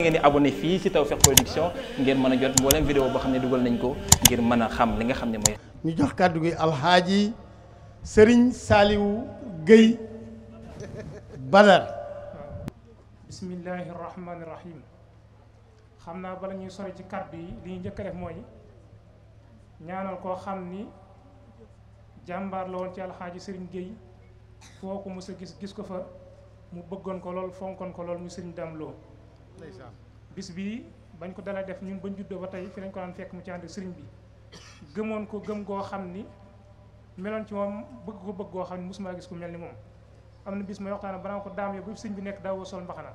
ngeen di abonné fii ci Tawfekh Production ngeen mën jot mboolem vidéo boo xam ne dugal nañ ko ngir mën a xam li nga xam ne mooy. ñu jox kàddu gi alxaaji Serigne Saliou Guèye Badar. bismillahi rahmaani rahim naa bala ñuy sori ci kàddu yi li ñu njëkk a def mooy ñaanal koo xam ni jàmbaar la woon ci alxaaji sëriñ géey foo ko mos gis gis ko fa mu bëggoon ko lool fonkoon ko lool mu Serigne Dame Lo. bis bii bañ ko dana def ñun bañ juddoo ba tay fi lañ ko daan fekk mu ci ànd sëriñ bi gëmoon ko gëm goo xam ni meloon ci moom bëgg ko bëgg koo xam ni mosuma gis ku mel ni moom am na bis ma waxtaan banaa ko daam yo ba sëñ bi nekk daawoo sol mbaxana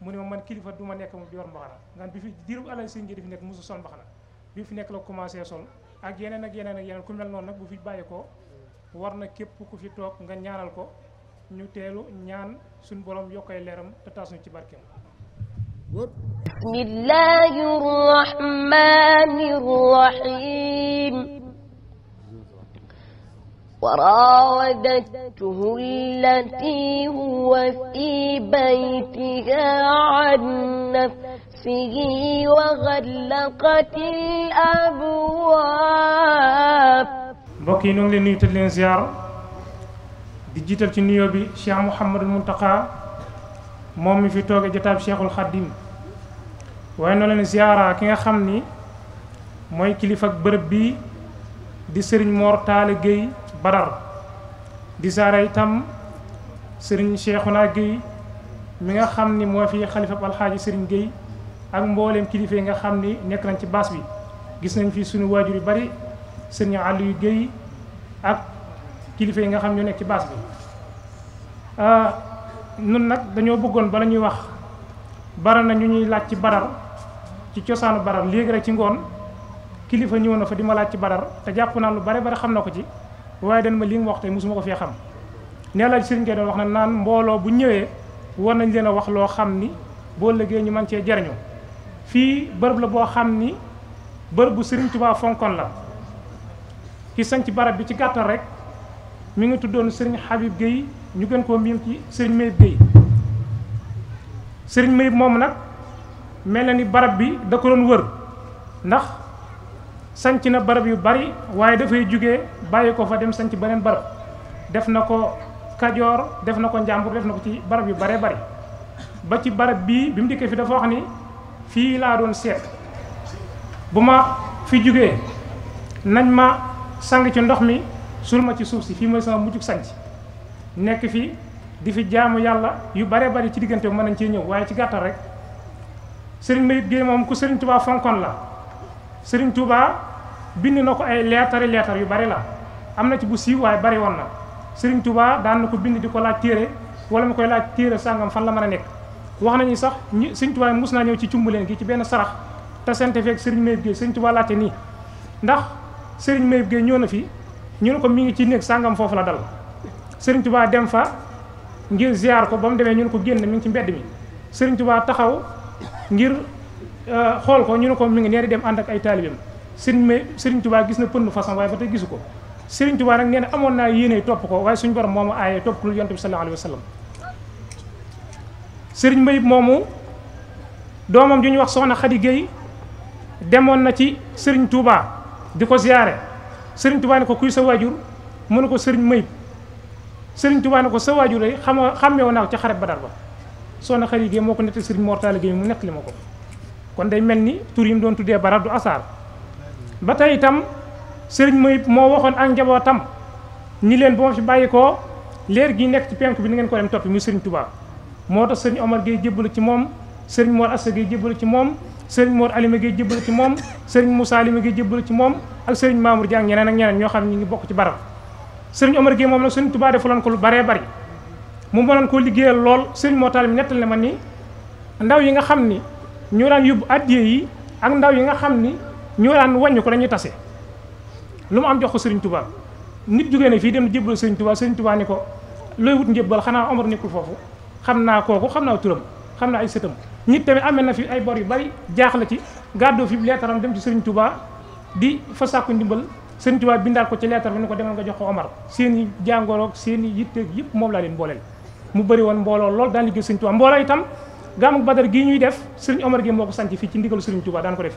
mu ne ma man kilifa du ma nekk mu di yor mbaxana ngan bi fi diiru alal sëñ bi di fi nekk mosu sol mbaxana bi fi nekk la commencé sol ak yeneen ak yeneen ak yeneen ku mel noonu nag bu fi bàyyi ko war na képp ku fi toog nga ñaanal ko ñu teelu ñaan suñu borom yokkay leeram te ci barkeem بسم الله الرحمن الرحيم وراودته التي هو في بيتها عن نفسه وغلقت الأبواب mbokk yi ñoo ngi leen nuyu te leen ziyaar di jiital ci nuyoo bi Cheikh Mouhamadul Mountakha moom mi fi tooge jotaab Cheikhul Khadim waaye noonu la ziyaara ki nga xam ni mooy kilifa ak bërëb bi di sëriñ Mor Talla Gueye Badar di ziyaara itam sëriñ Cheikhouna Gueye mi nga xam ni moo fi xalifa alxaaji sëriñ Gueye ak mbooleem kilifa yi nga xam ni nekk nañ ci baas bi gis nañ fi suñu waajur yu bari sëriñ Aliou géy ak kilifa yi nga xam ñu nekk ci baas bi ah, nun nag dañoo bëggoon bala ñuy wax bara na ñu ñuy laaj ci Badar ci cosaanu badar léegi rek ci ngoon kilifa ñëw na fa di ma laaj ci badar te jàpp naa lu bare bare xam na ko ci waaye dañ ma li nga wax tey mosuma ko fee xam nee la sëriñ kay doon wax na naan mbooloo bu ñëwee war nañ leen a wax loo xam ni boo liggéey ñu mën cee jariñoo fii bërëb la boo xam ni bërëb bu sëriñ Tuubaa fonkon la ki sañ ci barab bi ci gàttal rek mi ngi tuddoon sëriñ Habib Guèye ñu gën koo miin ci sëriñ Mayib Guèye sëriñ Mayib moom nag mel na ni barab bi da ko doon wër ndax sanc na barab yu bari waaye dafay jóge bàyyi ko fa dem sanc beneen barab def na ko Kajoor def na ko Njàmbur def na ko ci barab yu baree bari ba ci barab bii bi mu dikkee fi dafa wax ni fii laa doon seet bu ma fi jógee nañ ma sang ci ndox mi sul ma ci suuf si fii mooy sama mujjug sanc nekk fi di fi jaamu yàlla yu baree bari ci diggante bu mën nañ ñëw waaye ci gàttal rek sëriñ Mayib Guèye moom ku sëriñ Touba fonkoon la sëriñ Touba bind na ko ay leetari leetar yu bari la am na ci bu siiw waaye bari woon na sëriñ Touba daan na ko bind di ko laaj téere wala mu koy laaj téere sàngam fan la mën a nekk. wax nañu sax ñi sëriñ Touba mus naa ñëw ci cumbuleen gi ci benn sarax te sente feeg sëriñ Mayib Guèye sëriñ Touba laajte nii ndax sëriñ Mayib Guèye ñëw na fi ñu ne ko mi ngi ci néeg sàngam foofu la dal sëriñ Touba dem fa ngir ziar ko ba mu demee ñu ko génn mi ngi ci mbedd mi sëriñ Touba taxaw. ngir euh, xool ko ñu ne ko mu ngi nee di dem ànd ak ay taalibeem sëriñ ma sëriñ Tuubaa gis na pënd façon waaye gisu ko sëriñ Tuubaa nag nee na amoon naa yéene topp ko waaye suñ borom moomu aayee topp lu yonent bi sallallaahu alayhi wa sallam sëriñ Mbayib moomu doomam ju ñu wax soxna Xadi Géey demoon na ci sëriñ Tuubaa di ko ziyaare sëriñ Tuubaa ne ko kuy sa waajur mu ne ko sëriñ Mbayib sëriñ Tuubaa ne ko sa waajur day xama xàmmeewoon naa ko ca xare Badar ba soxna Xari Gueye moo ko nettali Serigne Mor Talla Gueye mu nettali ma ko kon day mel ni tur yi mu doon tuddee barab du asaar ba tey tam Serigne mooy moo waxoon ak njabootam ni leen boo fi bàyyi ko leer gi nekk ci penku bi ni ngeen ko dem toppi muy Serigne Touba moo tax Serigne Omar Gueye jébbalu ci moom Serigne Mor Assa Gueye jébbalu ci moom Serigne Mor Alima Gueye jébbalu ci moom Serigne Moussa Alima Gueye jébbalu ci moom ak Serigne Mamour Dieng ñeneen ak ñeneen ñoo xam ne ñu ngi bokk ci barab Serigne Omar Gueye moom nag Serigne Touba defaloon ko lu baree bari mu mënoon koo liggéeyal lool sëriñ moo taal mi nettal ma ni ndaw yi nga xam ni ñoo daan yóbbu addiye yi ak ndaw yi nga xam ni ñoo daan wàññi ko dañuy tase lu mu am jox ko sëriñ tubaa nit jógee na fii dem jébbal sëriñ Touba sëriñ Touba ni ko looy wut njébbal xanaa Omar nekkul foofu xam naa kooku xam naa turam xam naa ay sëtam nit tamit amee na fi ay bor yu bari jaaxle ci gàddoo fi leetaram dem ci sëriñ tubaa di fa sàkku ndimbal sëriñ Touba bindaal ko ci leetar bi ni ko demal nga jox ko Omar seen i jàngoroog seen i yëpp moom laa leen mu bari woon mbooloo lool daan liggéey sëriñ Tuubaa mbooloo itam gàmmu Badar gii ñuy def sëriñ Omar gi moo ko sanc fii ci ndigalu sëriñ Tuubaa daan ko def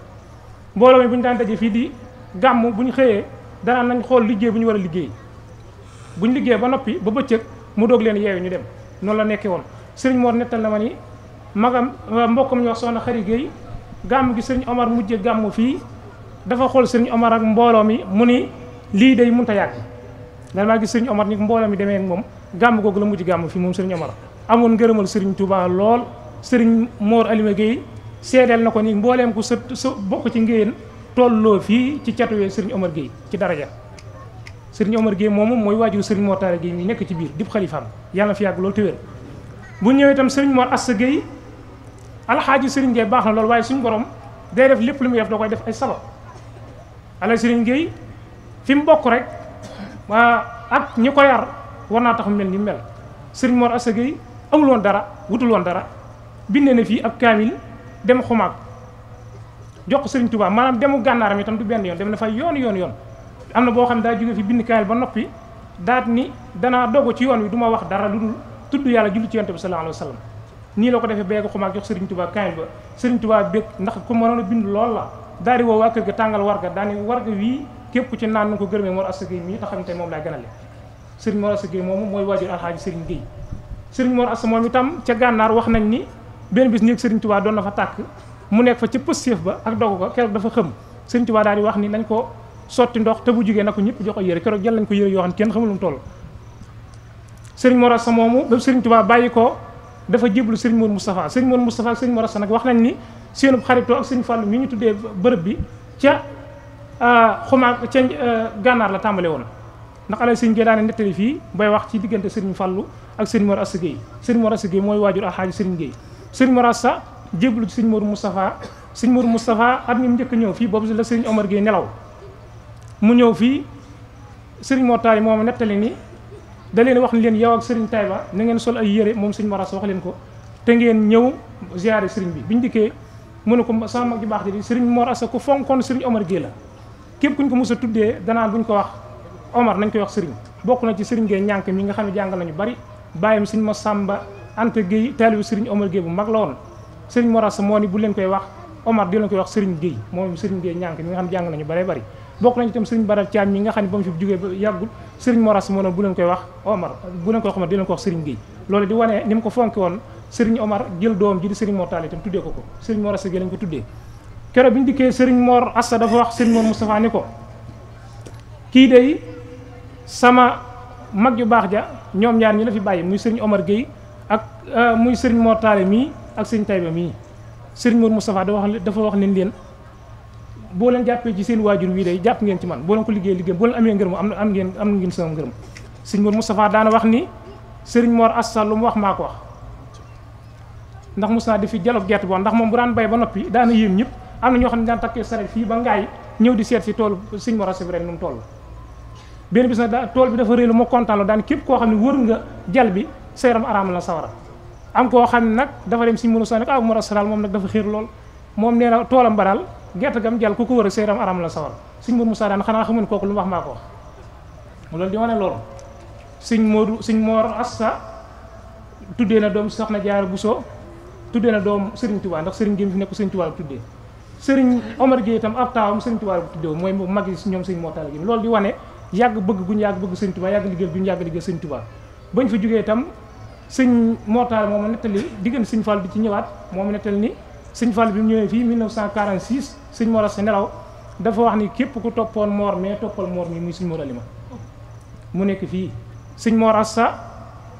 mbooloo mi bu ñu daan daje fii di gàmm bu ñu xëyee danaa nañ xool liggéey bu ñu war a liggéey bu ñu liggéey ba noppi ba bëccëg mu doog leen yeewu ñu dem noonu la nekkee woon sëriñ Mor nettal na ma ni magam mbokkam ñoo soxna xari géey gàmm gi sëriñ Omar mujje gàmm fii dafa xool sëriñ Omar mbooloo mi mu ni lii day mënta yàgg dal maa gis sëriñ Omar ni mbooloo mi demee moom gàmm googu la mujj gàmm fii moom sëriñ a amoon ngërëmal sëriñ Touba lool sëriñ Mor Alima Guèye seedeel na ko ni mbooleem ko sa sa bokk ci tool loo fii ci catuwee sëriñ Omar Guèye ci daraja sëriñ Omar Guèye moomu mooy waajur sëriñ Mor Talla Guèye mi nekk ci biir dib xalifaam yàlla na fi yàgg loolu te wér bu ñëwee itam sëriñ Mor Assa Guèye alxaaji sëriñ Guèye baax na loolu waaye suñu borom day def lépp lu muy def da koy def ay sabab ala sëriñ Guèye fi rek ak ñi ko yar war naa tax mu mel ni mel sëriñ Mor Assa Gueye amul woon dara wutul woon dara bindee na fii ab kaamil dem xumaag jox ko sëriñ Touba maanaam demu gànnaaram itam du benn yoon dem na fay yoon yoon yoon am na boo xam ne daa jóge fi bind kaamil ba noppi daat ni danaa dogu ci yoon wi du ma wax dara lu dul tudd yàlla julli ci yonte bi sallallahu alayhi wa sallam nii la ko defee beeg xumaag jox sëriñ Touba kaamil ba sëriñ Touba bég ndax ku mënoon a bind lool la daal di woo waa kër ga tàngal warga daani warga wii képp ku ci naan nu ko gërëmee Mor Assa Gueye mii taxam ne tey moom laa gënale sëriñ Mor Assa Gueye moomu mooy waajur alxaaji sëriñ Gueye sëriñ Mor Assa moom itam ca gànnaar wax nañ ni benn bis néeg sëriñ Touba doon na fa tàkk mu nekk fa ca pëstéef ba ak dogu ko keroog dafa xëm sëriñ Touba daal di wax ni nañ ko sotti ndox te bu jigéen na ko ñëpp jox ko yére keroog jël nañ ko yére yoo xam kenn xamul lu mu toll sëriñ Mor sa moomu ba sëriñ Touba bàyyi ko dafa jéblu sëriñ Mor Moustapha sëriñ Mor Moustapha ak sëriñ Mor Assa nag wax nañ ni seenub xaritoo ak sëriñ Fàllu mi ñu tuddee bërëb bi ca euh, xumaa ca euh, gànnaar la tàmbale woon ndax alay sëñ Gueye daane nettali fii bay wax ci diggante sëriñ Fallou ak sëriñ Mor Assa Gueye sëriñ Mor Assa Gueye mooy waajur alxaaji sëriñ Gueye sëriñ Mor Assa jéblu ci sëriñ Mor Moustapha sëriñ Mor Moustapha at mi mu ñëw fii boobu la sëriñ Omar Gueye nelaw mu ñëw fii sëriñ Mor Taali moom nettali ni da leen wax ni leen yow ak sëriñ Taïba na ngeen sol ay yére moom sëriñ Mor Assa wax leen ko te ngeen ñëw ziare sëriñ bi biñu njëkkee mu ne ko sama mag ju baax ji di sëriñ Mor Assa ku fonkoon sëriñ Omar Gueye la képp kuñ ko mos a tuddee danaa buñ ko wax Omar nañ koy wax Serigne bokk na ci Serigne Gueye ñànk mi nga xam ne jàngal nañu bari bàyyam Serigne ma Samba Anta Gueye taalibu Serigne Omar Gueye bu mag la woon Serigne moo ni bu leen koy wax Omar di leen koy wax Serigne Gueye moom Serigne Gueye ñànk mi nga xam ne jàng nañu bari bari bokk nañu itam Serigne Badal Thiam xam ne ba mu fi jógee ba yàggul Serigne Morassa moo ne bu leen koy wax Omar bu leen koy wax Omar di leen ko loolu di wane ni mu ko fonke woon Serigne Omar jël doom ji di Serigne Mor Tall itam tuddee ko ko Serigne Morassa Gueye lañ ko tuddee keroog bi ñu dikkee Serigne Mor Assa dafa wax Serigne Mor Moustapha ni ko kii day sama mag yu baax ja ñoom ñaar ñi la fi bàyyi muy sëriñ Omar Gueye ak euh, muy sëriñ moor Talla mii ak sëriñ Taïba mii sëriñ Mour Moustapha dafa wax dafa wax ne leen boo leen jàppee ci seen waajur wii day jàpp ngeen ci man boo leen ko liggéey liggéey boo leen amee ngërëm am am ngeen am ngeen sama ngërëm sëriñ Mour Moustapha daana wax ni sëriñ Mor Assa lu mu wax maa ko wax ndax mos naa di fi jaloog gerte boo ndax moom bu daan bay ba noppi daana yéem ñëpp am na ñoo xam ne daan takkee saret fii ba ngaay ñëw di seet si tool sëriñ Mor Assa bi ren nu mu toll benn bis nag da tool bi dafa réelu ma kontaan daan képp koo xam ne wër nga jal bi sa yaram araam la sawara am koo xam ne nag dafa dem siñ mënu sa nek aw ah, mor asaral moom nag dafa xiir lool moom nee na gerte gam jal ku ko wër sa yaram araam la sawara suñ mor Moussa daan xanaa xamun kooku lu mu wax ko wax loolu di wane loolu suñ moodu suñ moor assa tuddee na doom soxna Jaara Buso tuddee na doom Serigne Touba ndax Serigne Gueye fi nekk Serigne Touba la tuddee Serigne Omar Gueye itam ab taawam Serigne Touba la tuddee mooy mag yi ñoom Serigne Mor Talla Gueye loolu di wane yàgg bëgg guñu yàgg bëgg sëñ Tuubaa yàgg liggéey guñu yàgg liggéey sëñ Tuubaa bañ fa jógee itam sëñ Mortaal moom nettali diggante sëñ fal bi ci ñëwaat moom nettali ni sëñ Fall bi mu ñëwee fii 1946 sëñ Mor Asta nelaw dafa wax ni képp ku toppoon Mor mais toppal Mor mi muy sëñ Mor Alima mu nekk fii sëñ Mor Asta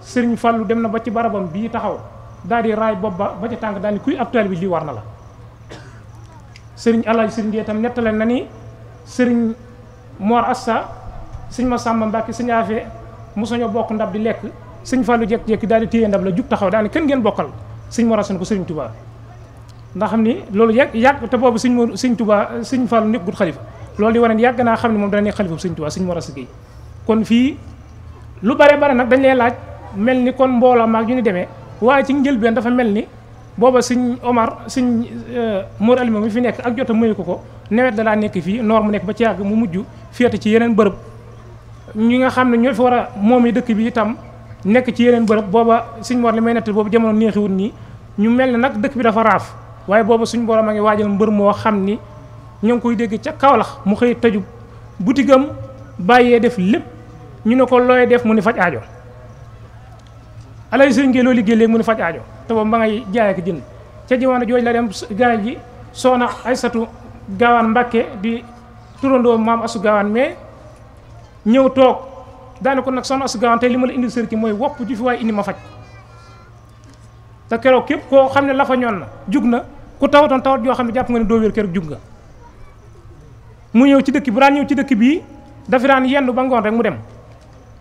sëñ Fallu dem na ba ci barabam bii taxaw daal di raay bopp ba ba ca tànk daal ni kuy actuel bi lii war na la sëriñ Alaaji sëriñ Dee tam nettali na ni sëriñ Mor sëñ ma sàmma sàmba mbàkke sëñ mu mosuñoo bokk ndab di lekk sëñ fàllu jekki-jekki daal di téye ndab la jug taxaw daal ne kenn ngeen bokkal sëñ morasen ko sëriñ tubaa ndax xam ni loolu yàgg yàgg te boobu sëñ mo sëñ tubaa sëñ fàllu nekk xalifa loolu di wane ne yàgg naa xam ne moom dana nekk xalifa sëñ tubaa sëñ morasen gi kon fii lu bare bare nag dañ lay laaj mel ni kon mbooloo maak yu ni demee waaye ci njëlbeen dafa mel ni booba sëñ Omar sëñ eh, Mor Alima mi fi nekk ak jota muyu ko ko nawet da daa nekk fii noor mu nekk ba ci yàgg mu mujj féete ci yeneen bërëb ñi nga xam ne ñoo fi war a moom yi dëkk bi itam nekk ci yeneen bërëb booba suñ war li may nettal boobu jamono neexiwut nii ñu mel na nag dëkk bi dafa raaf waaye booba suñ borom a ngi waajal mbër moo xam ni ñoo ngi koy dégg ca kawlax mu xëy taju tëju butigam bàyyee def lépp ñu ne ko looy def mu ni faj ajo alay sëñ ngee loo liggéey léegi mu ni faj ajo te boobu ma ngay jaay ak jënd ca jamono jooju la dem gaay ji soxna Aysatu Gaawaan Mbàkke di turandoo maam asu Gaawaan mais ñëw toog daane ko nag soxna Astou tey li ma la indi sër ci mooy wopp di fi waaye indi ma faj te keroog képp koo xam ne la ñoon na jug na ku tawatoon tawat yoo xam ne jàpp nga ne doo wér keroog jug nga mu ñëw ci dëkk bu daan ñëw ci dëkk bii dafa daan yenn ba ngoon rek mu dem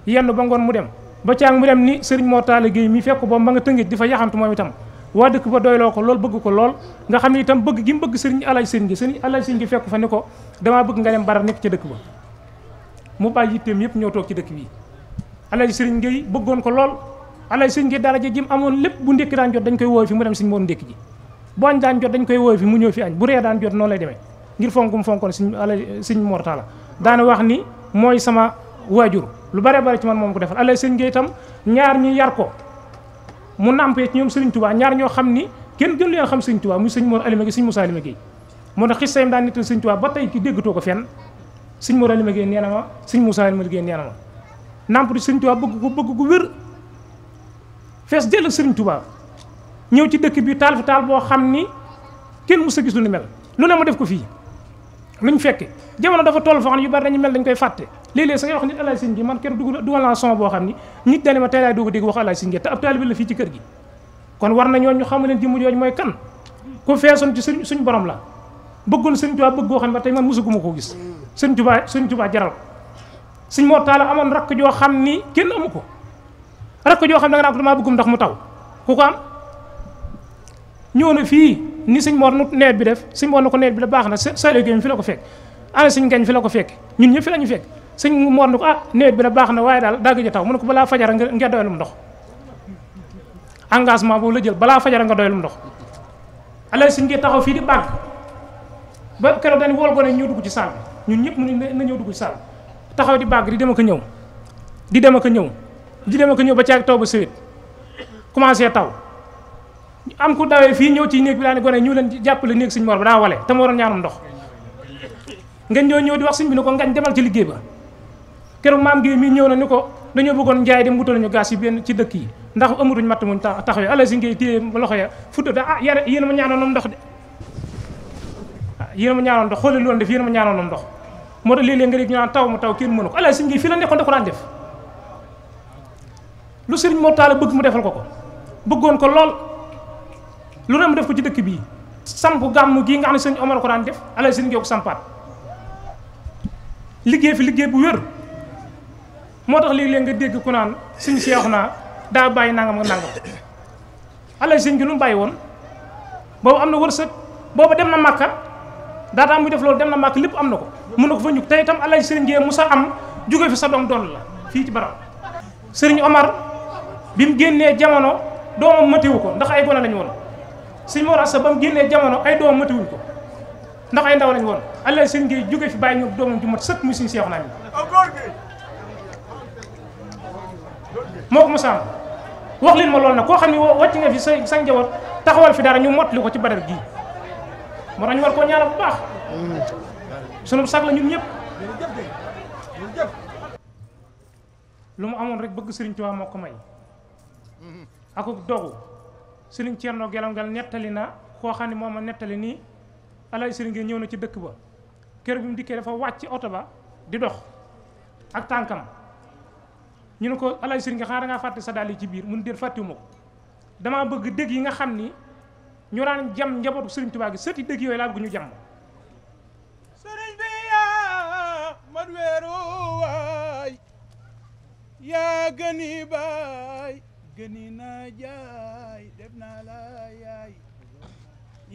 yenn ba ngoon mu dem ba caang mu dem ni sëriñ moo taale géey mi fekk boobu ba nga tëngéej di fa yaxantu moom itam waa dëkk ba doyloo ko lool bëgg ko lool nga xam ne itam bëgg gi mu bëgg sëriñ alaaj sëriñ gi sëriñ alaaj sëriñ gi fekk fa ni ko damaa bëgg nga dem baral nekk ca dëkk ba mu bàyyi yitteem yëpp ñoo toog ci dëkk bi alay sëriñ ngay bëggoon ko lool alay sëriñ ngay dara ja jim amoon lépp bu ndékki daan jot dañ koy wooy fi mu dem sëñ moon ndékki ji bu añ daan jot dañ koy wooy fi mu ñëw fi añ bu ree daan jot noonu lay demee ngir fonkum fonkoon sëñ alay sëñ mortala daana wax ni mooy sama waajur lu bare bare ci man moom ko defal alay sëriñ ngay itam ñaar ñi yar ko mu nàmpee ci ñoom sëriñ tubaa ñaar ñoo xam ni kenn gën leen xam sëriñ tubaa muy sëñ moon alima gi sëñ musaa alima gi moo ba tey ki déggatoo ko fenn sëñ Mor Alima Gueye nee na ma sëñ Moussa Alima Gueye nee na ma nàmpatu sëñ Touba bëgg ko bëgg ko wér fees jël sëriñ Touba ñëw ci dëkk bi taal fi taal boo xam ni kenn mës a gis lu ni mel lu ne ma def ko fii luñ fekke jamono dafa toll foo xam ne yu bari dañu mel dañ koy fàtte léeg-léeg sa ngay wax nit alaaj sëñ gi man kenn dugg dugal naa son boo xam ni nit dani ma tey laay dugg dégg wax alaaj sëñ gi te ab taalibe la fii ci kër gi kon war na ñoo ñu xamu leen ji mu jooju mooy kan ku feesoon ci suñ suñ borom la bëggoon sëriñ bëgg goo xam ne ba tey man mësuguma koo gis sëñ Tuubaa sëñ Tuubaa jaral ko sëñ Mor Talla amoon rakk joo xam ni kenn amu ko rakk joo xam da nga naan ko damaa ndox mu taw ku am ñëw na fii ni sëñ Mor nu nawet bi def sëñ Mor na ko nawet bi da baax na Saliou Gueye fi la ko fekk ana fi la ko fekk ñun ñëpp la ñu fekk sëñ Mor na ko ah nawet bi da baax na waaye daal daa gëj a taw mun ne ko balaa fajara nga doyalum ndox engagement boobu la jël balaa fajara nga doyalum ndox alal sëñ gi taxaw fii di bàgg ba keroog dañu wol ko ne dugg ci saal ñun ñëpp mënuñ na ñëw dugg ci salle taxaw di bàgg di dem ak a ñëw di dem ak ñëw di dem a ñëw ba caag taw ba sëwit commencé taw am ku dawee fii ñëw ci néeg bi daa ne gone ñu leen jàppale néeg sëñ Mor ba daa wale te mu waroon ñaanum ndox nga ñoo ñëw di wax sëñ bi ne ko ngañ demal ci liggéey ba keroog maam gi mii ñëw na ni ko dañoo bëggoon njaay dem wutal ñu gaas yi benn ci dëkk yi ndax amatuñ matt muñ tax taxawee ala si ngay téye loxo ya fudd da ah yare yéen ma ñaanoon ndox de ah, yéen ma ñaanoon ndox xoolal loolu def yéen ma moo tax léeg-léeg nga dégg ñu naan taw mu taw kenn mënu ko alaay sëñ gi fii la nekkoon da ko daan def lu sëriñ moo taala bëgg mu defal ko ko bëggoon ko lool lu ne mu def ko ci dëkk bii samp gàmm gii nga xam ne sëñ Omar ko daan def alaay sëñ gi ko liggéey fi liggéey bu wér tax léeg-léeg nga dégg ku naan naa daa bàyyi nangam nga nangam alaay sëñ lu mu bàyyi woon boobu am na wërsëg boobu dem na màkka daataa muy def loolu dem na màkk lépp am na ko mën na ko fa ñug tey itam alay sëriñ mu Moussa am jóge fi sa doom doon la fii ci barab sëriñ Omar bi mu génnee jamono doomam matiwu ko ndax ay gone lañu woon sëñ Mor ba mu génnee jamono ay doomam ndax ay ndaw lañ woon alay sëriñ Gueye jóge fi bàyyi ñoom doomam ju mat sëkk muy suñu seexu naa moo ko Moussa am wax leen ma lool nag koo xam ne wàcc nga fi sa sa njaboot taxawal fi dara ñu mottali ko ci badar gii moo tax war koo ñaanal bu baax sunu sag la ñun ñëpp lu mu amoon rek bëgg sëriñ Tuubaa moo ko may mm-hmm. akuk dogu sëriñ gelaw Gelongal nettali na koo xam ne moom ma nettali nii alay sëriñ gi ñëw na ci dëkk ba kër bi mu dikkee dafa wàcc oto ba di dox ak tànkam ñu ne ko alay sëriñ gi xanaa dangaa fàtte sa dàll yi ci biir mun déet fàttiwuma ko damaa bëgg dëgg yi nga xam ni ñoo daan jam njabootu sëriñ Tuubaa gi sëti dëgg yooyu laa bëgg ñu jam yaa gëni baay gëni na jaay def la yaay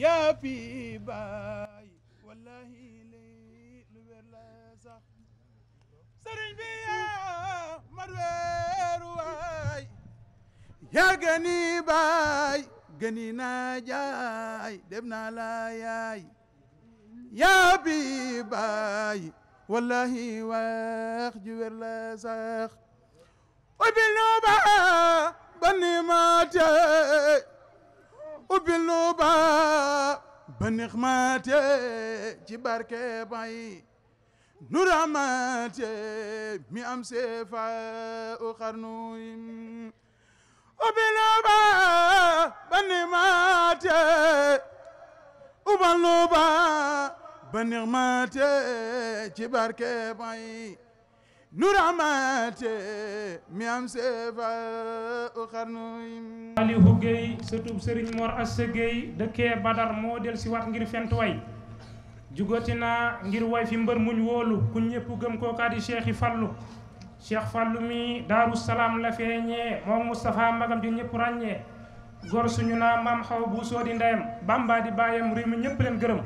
yaa fi baay wallahi lii lu wér la sax sëriñ bi yaa mat waay yaa gëni baay gëni na jaay def la yaay yaa fi baay wallahi wax ju wér la sax وبالنوبة بني ماتي وبالنوبة بني خماتي جباركي باي نوراماتي مي أم سيفا وخرنوي وبالنوبة بني ماتي وبالنوبة بني خماتي جباركي باي nuramate mi am sefa xarnuy Aliou Guèye sëtub Serigne Mor Assa Guèye dëkkee Badar moo del si waat ngir fent way jugati naa ngir way fi mbër muñ wóolu ku ñëpp gëm kookaa di Cheikh Fallu Cheikh Fallu mi Daaru la feeñee moom Moustapha magam ji ñëpp ràññee gor suñu naa maam xaw bu soo di ndeyam Bamba di baayam réew mi ñëpp leen gërëm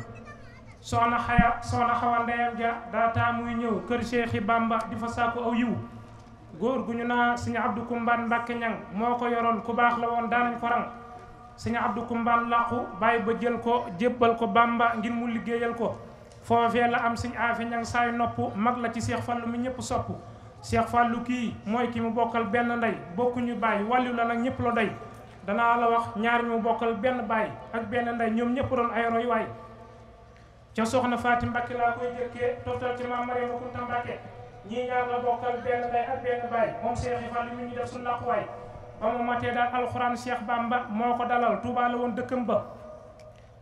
soxna xaya soxna xawa ndeyam ja daataa muy ñëw kër Cheikhi Bamba di fa sàkku aw yiw góor gu ñu naa sëñ Abdou Kumbaan Mbàkke ñang moo ko yoroon ku baax la woon daanañ ko rang sëñ Abdou Kumbaan làqu bàyyi ba jël ko jébbal ko Bamba ngir mu liggéeyal ko foofee la am sëñ Aafe ñang saay nopp mag la ci Cheikh Fallou mi ñëpp sopp Cheikh Fallou kii mooy kii mu bokkal benn ndey bokkuñu bàyyi wàllu la nag ñëpp la day danaa la wax ñaari ñu mu bokkal benn baay ak benn ndey ñoom ñëpp doon ay roy waay ca soxna Faati Mbakke laa koy jëkkee toftal ci maam Mariama Kunta Mbakke ñii ñaar la bokkal benn day ak benn baay moom Cheikh yi fan li ñu def suñu laquwaay ba mu matee daal alxuraan Cheikh Bamba moo ko dalal Touba woon dëkkam ba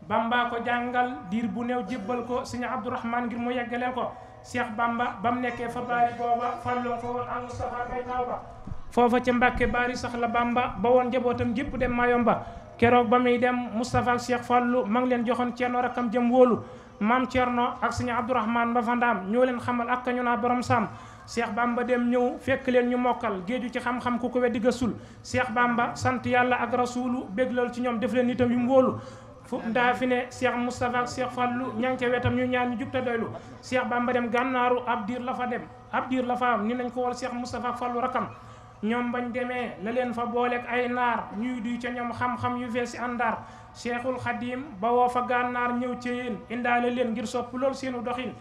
Bamba ko jàngal diir bu néew jébbal ko sëñ Abdourahman ngir mu ko Cheikh Bamba ba mu nekkee fa baari booba fàlloo ko woon al Moustapha kay taaw ba foofa ca Mbàkke baari sax la Bamba ba woon njabootam jépp dem Mayomba keroog ba muy dem Moustapha ak Cheikh Fallou ma leen joxoon ceeno rakkam jëm wóolu maam Thierno ak sëñ Abdourahman ba fa ndaam ñoo leen xamal ak kañu naa boroom saam seex bamba dem ñëw fekk leen ñu mokkal géeju ci xam-xam ku ko weddi gëstul seex bamba sant yàlla ak rasuulu béglal ci ñoom def leen itam yu mu wóolu fu ndaa fi ne seex Moustapha ak seex Fallu ña ca wetam ñu ñaan ñu jub te doylu seex bamba dem gànnaaru ab diir la fa dem ab diir la fa am ni nañ ko wol seex Moustapha ak Fallu rakam ñoom bañ demee la leen fa booleeg ay naar ñuy duy ca ñoom xam-xam yu cheikhul xadim bawoo fa gànnaar ñëw ceyeen indaale leen ngir sopp lool seenu doxin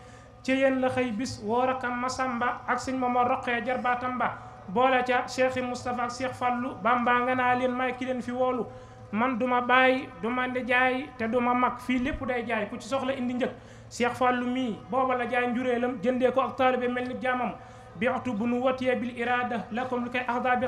ceyeen la xëy bis woo rakam Masamba ak sëñ Momar roqee jarbaatam ba boole ca cheikhi Moustapha ak cheikh Fallu bamba nga naa leen may ki fi woolu man duma bàyyi duma ndijaay te duma mag fii lépp day jaay ku ci soxla indi njëg cheikh Fallu mii booba la jaay njureelam jëndee ko ak taalibe mel ni jaamam bi'tu bu nu watiyee bil irada lakum li koy axda bi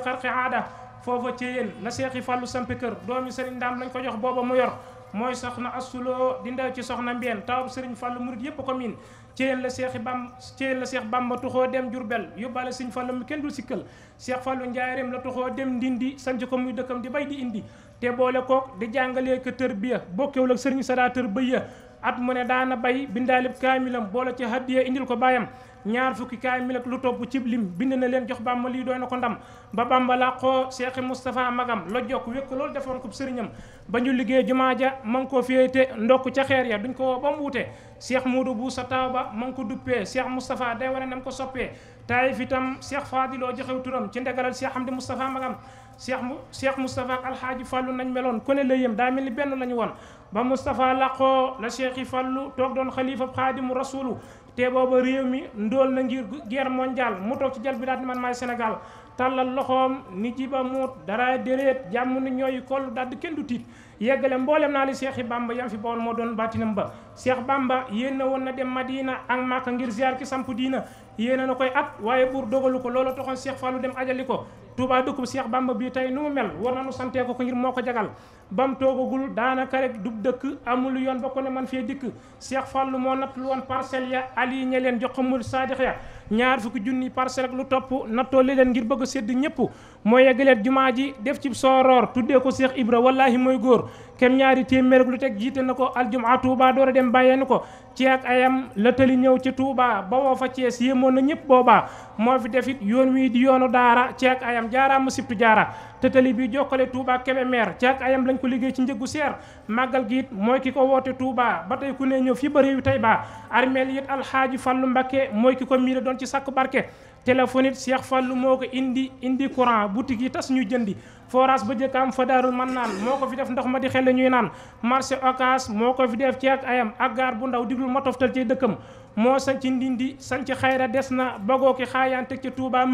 foofa ci la seexi fàllu sampi kër doomi sëriñ ndaam lañ ko jox booba mu yor mooy soxna assuloo di ndaw ci soxna mbiyeen tawab sëriñ fàllu murit yépp ko miin ceen la seexi bam ceen la seex bamba tuxoo dem jurbel yóbbaale sëñ fàllu mi kenn dul sikkal seex fàllu njaareem la tuxoo dem ndindi sanc ko muy dëkkam di bay di indi te boole kook di jàngalee ko tërbiya bokkewul ak sëriñ sadaa tërbiya at mu ne daana bay bindaalib kaamilam boole ci hadiya indil ko baayam ñaar fukki kaamil ak lu topp cib lim bind na leen jox bàmba lii doy na ko ndam ba bàmba làqoo Cheikh Moustapha magam la jokk wékk loolu defoon ko sëriñam ba ñu liggéey jumaa ja ma ngi ko féete ndokk ca xeer ya duñ ko woo ba mu wute Cheikh Moudou bu sa taw ba ma ngi ko duppee Cheikh Moustapha day wane nam ko soppee taayif itam Cheikh Fadiloo joxew turam ci ndegalal Cheikh Hamdi Moustapha magam cheikh mu cheikh Moustapha ak alxaaji Fallu nañ meloon ku ne la yëm daa mel ni benn la woon ba Moustapha làqoo la cheikh yi Fallu toog doon xalifa xaadimu rasulu te booba réew mi ndóol na ngir guerre mondiale mu toog ci jal bi daal di man may Sénégal tàllal loxoom ni jiba muut dara déréet jàmm ni ñooy koll daal di kenn du tiit yeggale mboolem naa li Cheikh Bamba yam fi bool moo doon baatinam ba Cheikh Bamba yéen na woon na dem Madina ak Màkka ngir ziar ki samp diina yéen na koy at waaye buur dogalu ko loolu taxoon Cheikh Fallou dem ajali ko Touba dëkkub Cheikh Bamba bii tey nu mu mel war nañu santee ko ko ngir moo ko jagal bam toogagul daanaka rek dub dëkk amul yoon ba ko man fee dikk Cheikh Fallou moo nattul woon parcelles ya ali ñe leen jox mul saadix ya ñaar fukki junni parcelle ak lu topp nattoo li leen ngir bëgg a sédd moo yeggaleet jumaa ji def ci sooroor tuddee ko Cheikh Ibra wallahi mooy góor kem ñaari téeméer ak lu teg jiite na ko aljumaa ah, Touba door a dem bàyyee na ko ci ak ayam la tëli ñëw ci Touba ba woo fa Cees yéemoon na ñëpp boobaa jam jaaraama sibtu jaara te tali bi jokkale Touba Kébémer ci ak ayam lañ ko liggéey ci njëggu seer màggal gi it mooy ki ko woote tuubaa ba tey ku ne ñëw fii ba réew yu tey ba armeel it alxaaji Fallu Mbakke mooy ki ko miire doon ci sàkku barke téléphone it Cheikh moo ko indi indi courant boutique yi tas ñu jëndi forage ba jëkk am fa daarul man naan moo ko fi def ndox ma di xel ñuy naan marché Ocass moo ko fi def ci ak ayam ak gaar bu ndaw diglu ma toftal ci dëkkam moo sañ ci ndindi xayra des na bagoo ki xaayaan teg ci Touba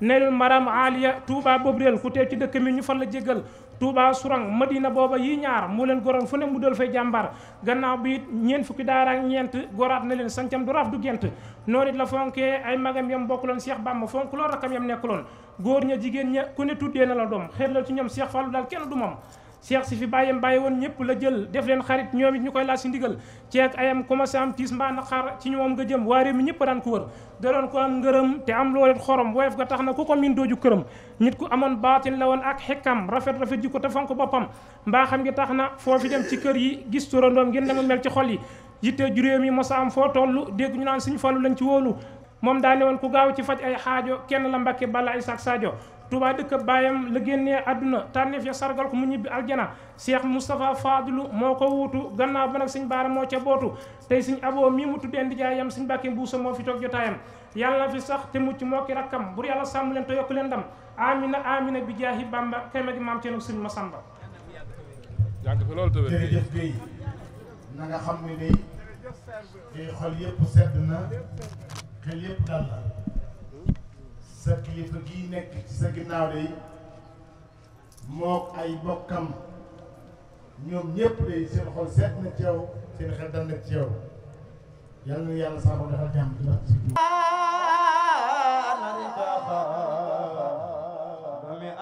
neel maram aliya Touba Bobrel ku teew ci dëkk mi ñu fan la jéggal Touba Sourang Madina booba yi ñaar moo leen goroon fu ne mu dal fay jàmbar gannaaw bi it ñeent fukki daara ak ñeent goraat na leen sancam du raaf du gent noonu it la fonkee ay magam yam bokkuloon Cheikh Bamba fonk loon rakam yam nekk loon góor ña jigéen ña ku ne tuddee na la doom xeer la ci ñoom Cheikh Fallou daal kenn du moom seex si fi bàyyam bàyyi woon ñëpp la jël def leen xarit ñoom it ñu koy laaj si ndigal ceeg ayam commencé am tiis mbaa naqar ci ñoom nga jëm waa réew mi ñëpp daan ko wër da ko am ngërëm te am looleen xorom woyof ga tax na ku ko min dooju këram nit ku amoon baatin la woon ak xekkam rafet rafet ji ko tafan ko boppam mbaa xam ngi tax na foofi dem ci kër yi gis turandoom ngeen dama mel ci xol yi yitte juréem yi mosa am foo tollu dégg ñu naan suñu falu lañ ci wóolu moom daa ne woon ku gaaw ci faj ay xaajo kenn la mbàkke bala ay saak saajo Touba dëkk baayam la génnee àdduna tànneef ya sargal ko mu ñibbi aljana Cheikh Moustapha Fadilu moo ko wuutu gannaaw ba nag sëñ baara moo ca bootu tey sëñ aboo mii mu tuddee ndijaayam sëñ Mbàkke Mbuusa moo fi toog jotaayam yàlla fi sax te mucc moo ki rakkam bur yàlla sàmm leen te yokk leen ndam amina amina bi jaahi Bamba kay magi maam Ceerno sëñ Masamba jàng fi loolu tëwër jërëjëf Guèye na nga xam ne day day xol yëpp sa kilifa gii nekk ci sa ginnaaw day mook ay bokkam ñoom ñépp day seen xol seet na ci yow seen xel dal na ci yow na yàlla saako defal jàmm ci wax ci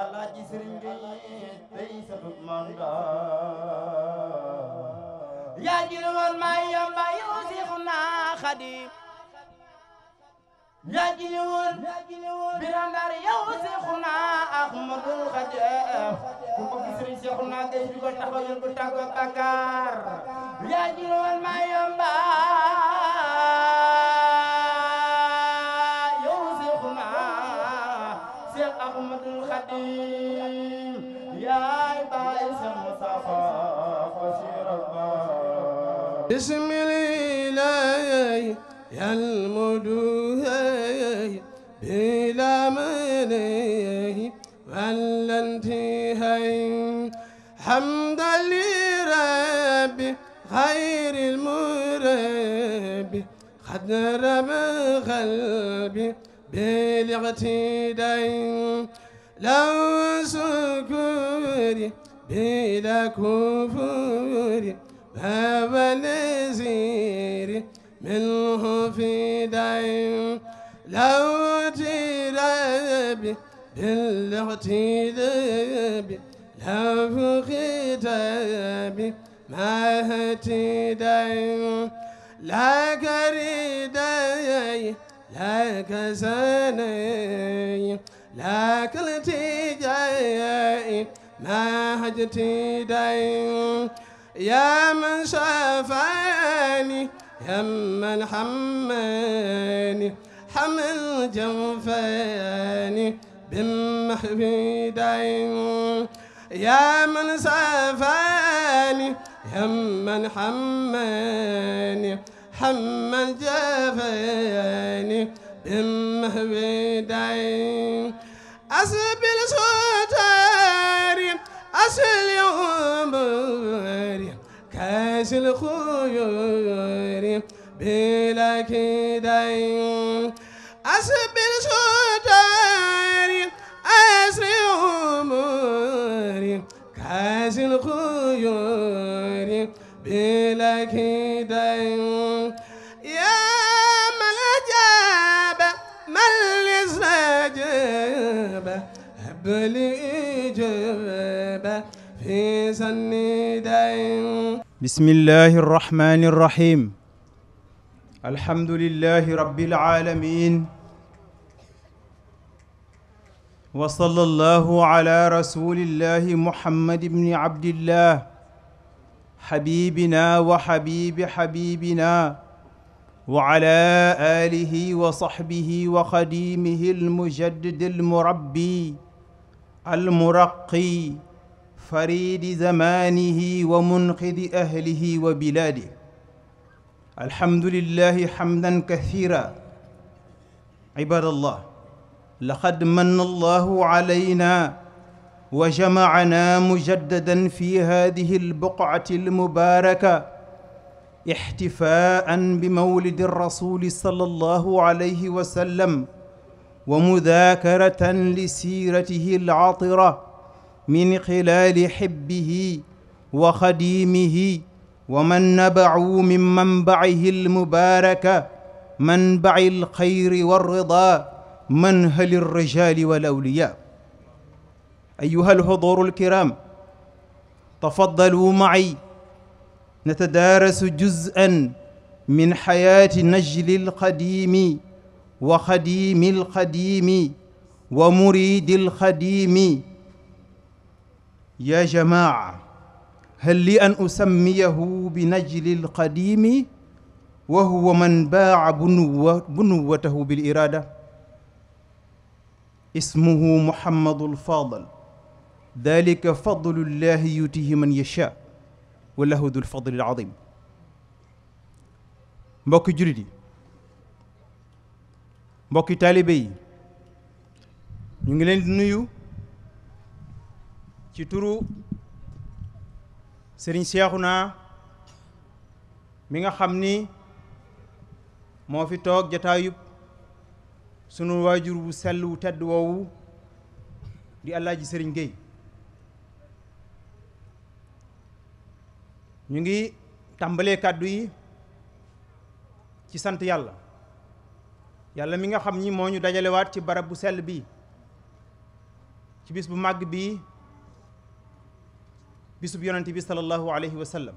alaaji sëriñ gi tey sa dut manda yaa jël woon may yamba yu si xunaa xadim ñaajili woon birandar yow Seexuna Ahmadul Xadim ku ko gis Sëriñ Seexuna ngay jugal taxaw yéen bu tàgg ak bàkkaar ñaajili woon maa yomba yow Seexuna Seex Ahmadul Xadim yaay baay sa Mustafa اقتدي لو سكوري بلا كفور باب نزير منه في دين لو تربي بالاقتداب لو خطابي ما هتدين لا كريدين لكساني لك التجاي ما حجتي داي يا من شافاني يا من حماني حمل جنفاني بمحبي داي يا من سافاني يا من حماني حما جافيني بمهبدين أسب الصوتاري أسل يومري كاس الخيور بلا كدين أسب الصوتاري أسل يومري كاس الخيور بلا كدين بسم الله الرحمن الرحيم الحمد لله رب العالمين وصلى الله على رسول الله محمد بن عبد الله حبيبنا وحبيب حبيبنا وعلى آله وصحبه وخديمه المجدد المربي almuraqi faridi zamanihi wa munqidi ahlihi wa bilaadihi alhamdulillahi hamdan kathira ibadallah laqad manna allahu alayna wa jamacana mujaddadan fi hadihi albuqcati almubaraka ixtifaan bi mawlidi rasuli sallallahu alayhi wa sallam wa mudakaratan li siiratihi alaatira min xilaali xibbihi wa xadiimihi wa man nabacuu min manbacihi almubaaraka manbaci alxayri walrida manhali alrijali walawliya ayuha alxuduuru alkiram tafadaluu maci natadaarasu juz'an min xayaati najli alqadiimi wa xadiimi alxadiimi wa muriidi alxadiimi ya jamaa hal li an usammiyahu bi najli alxadiimi wa huwa man baaca bunuwatahu bil iraada ismuhu muhammadu alfaadal dalika fadlullahi yutihi man yashaa wallahu dul fadli alcadiim mbokk jullit yi mbokki taalibe yi ñu ngi leen di nuyu ci turu sëriñ naa mi nga xam ni moo fi toog jataayub sunu waajur wu sell wu tedd woowu di Alaaji Sëriñ Géey ñu ngi tàmbalee kàddu yi ci sant yàlla yàlla mi nga xam ni moo ñu dajalewaat ci barab bu sell bii ci bis bu màgg bii bisub yonente bi sallallahu alayhi wa sallam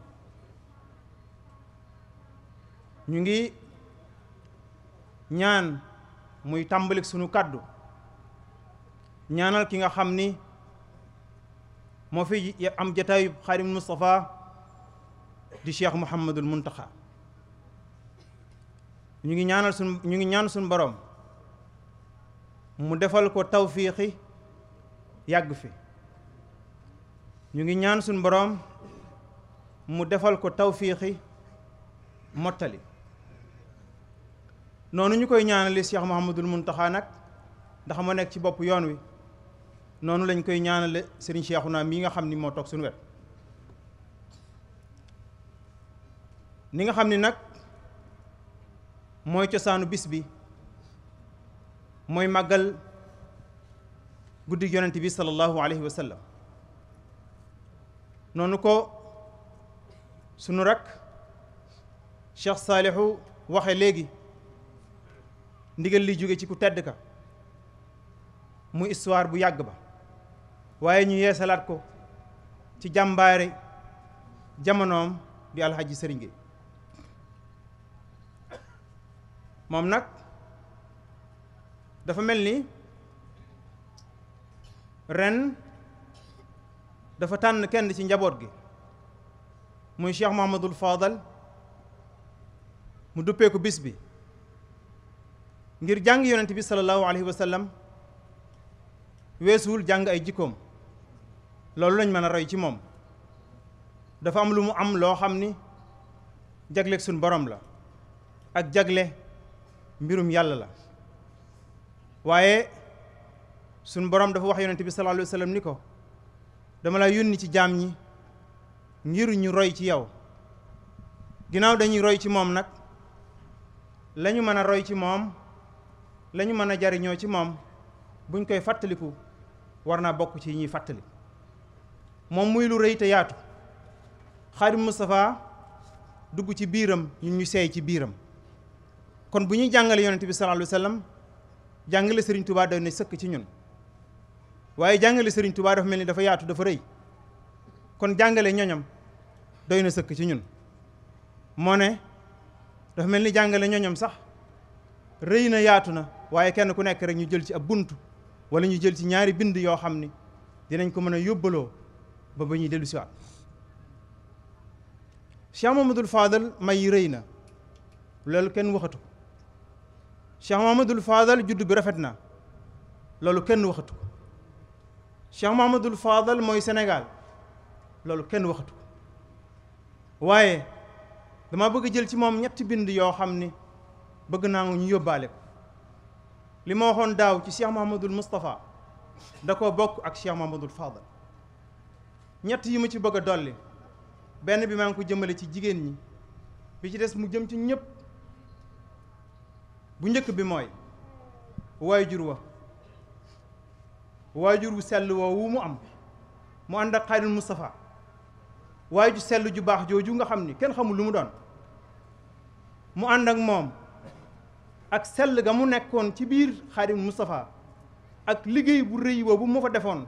ñu ngi ñaan muy tàmbalik sunu kàddu ñaanal ki nga xam ni moo fi am jataayub xaadim Moustapha di cheikh Mouhamadul Muntaxa ñu ngi ñaanal suñ ñu ngi ñaan suñ borom mu defal ko tawfiixi yàgg fi ñu ngi ñaan suñ borom mu defal ko tawfiixi mottali noonu ñu koy ñaanali Cheikh Mouhamadul Mountakha nag ndax ma nekk ci bopp yoon wi noonu lañ koy ñaanale Serigne Cheikhouna mii nga xam ni moo toog sunu wet ni nga xam ni nag mooy cosaanu bis bi mooy màggal guddi yonent bi sallallahu alayhi wa sallam noonu ko sunu rak Cheikh Saalihu waxe léegi ndigal li jóge ci ku tedd ka mu histoire bu yàgg ba waaye ñu yeesalaat ko ci jàmbaare jamonoom di alxaji sëriñ Gueye moom nag dafa mel ni ren dafa tànn kenn ci njaboot gi muy Cheikh Mouhamadul Fadal mu duppee ko bis bi ngir jàng yonent bi sallallahu alayhi wa sallam weesuwul jàng ay jikkoom loolu lañ mën a roy ci moom dafa am lu mu am loo xam ni jagleeg suñ borom la ak jagle mbirum yàlla la waaye suñ borom dafa wax yonent bi sallallahu alayhi wa sallam ni ko dama la yónni ci jaam ñi ngir ñu roy ci yow ginnaaw dañuy roy ci moom nag lañu mën a roy ci moom lañu mën a jariñoo ci moom buñ koy fàttaliku war naa bokk ci ñuy fàttali moom muy lu rëy te yaatu xaadim Moustapha dugg ci biiram ñun ñu seey ci biiram kon bu ñuy jàngale yonent bi sallallahu alayhi jàngale sëriñ Touba doy na sëkk ci ñun waaye jàngale sëriñ Touba dafa mel ni dafa yaatu dafa rëy kon jàngale ñoñam doy na sëkk ci ñun moo ne dafa mel ni jàngale ñoñam sax rëy na yaatu na waaye kenn ku nekk rek ñu jël ci ab bunt wala ñu jël ci ñaari bind yoo xam ni dinañ ko mën a yóbbaloo ba ba ñuy dellu siwaat Cheikh Mamadou Fadal may yi rëy na loolu kenn waxatu Cheikh Mahamadul Fadal juddu bi rafet na loolu kenn waxatu ko Cheikh Mahamadul Fadal mooy Sénégal loolu kenn waxatu ko waaye dama bëgg jël ci moom ñetti bind yoo xam ni bëgg naa ñu yóbbaale ko li ma waxoon daaw ci Cheikh Mahamadul Moustapha da ko bokk ak Cheikh Mahamadul Fadal ñett yi ma ci bëgg a dolli benn bi maa ngi ko jëmmale ci jigéen ñi bi ci des mu jëm ci ñëpp bu njëkk bi mooy waajur wa waajur wu sell woowu mu am mu ànd ak xayrul Mustafa waaye ju sell ju baax jooju nga xam ni kenn xamul lu mu doon mu ànd ak moom ak sell ga mu nekkoon ci biir xaadim Moustapha ak liggéey bu rëy boobu mu fa defoon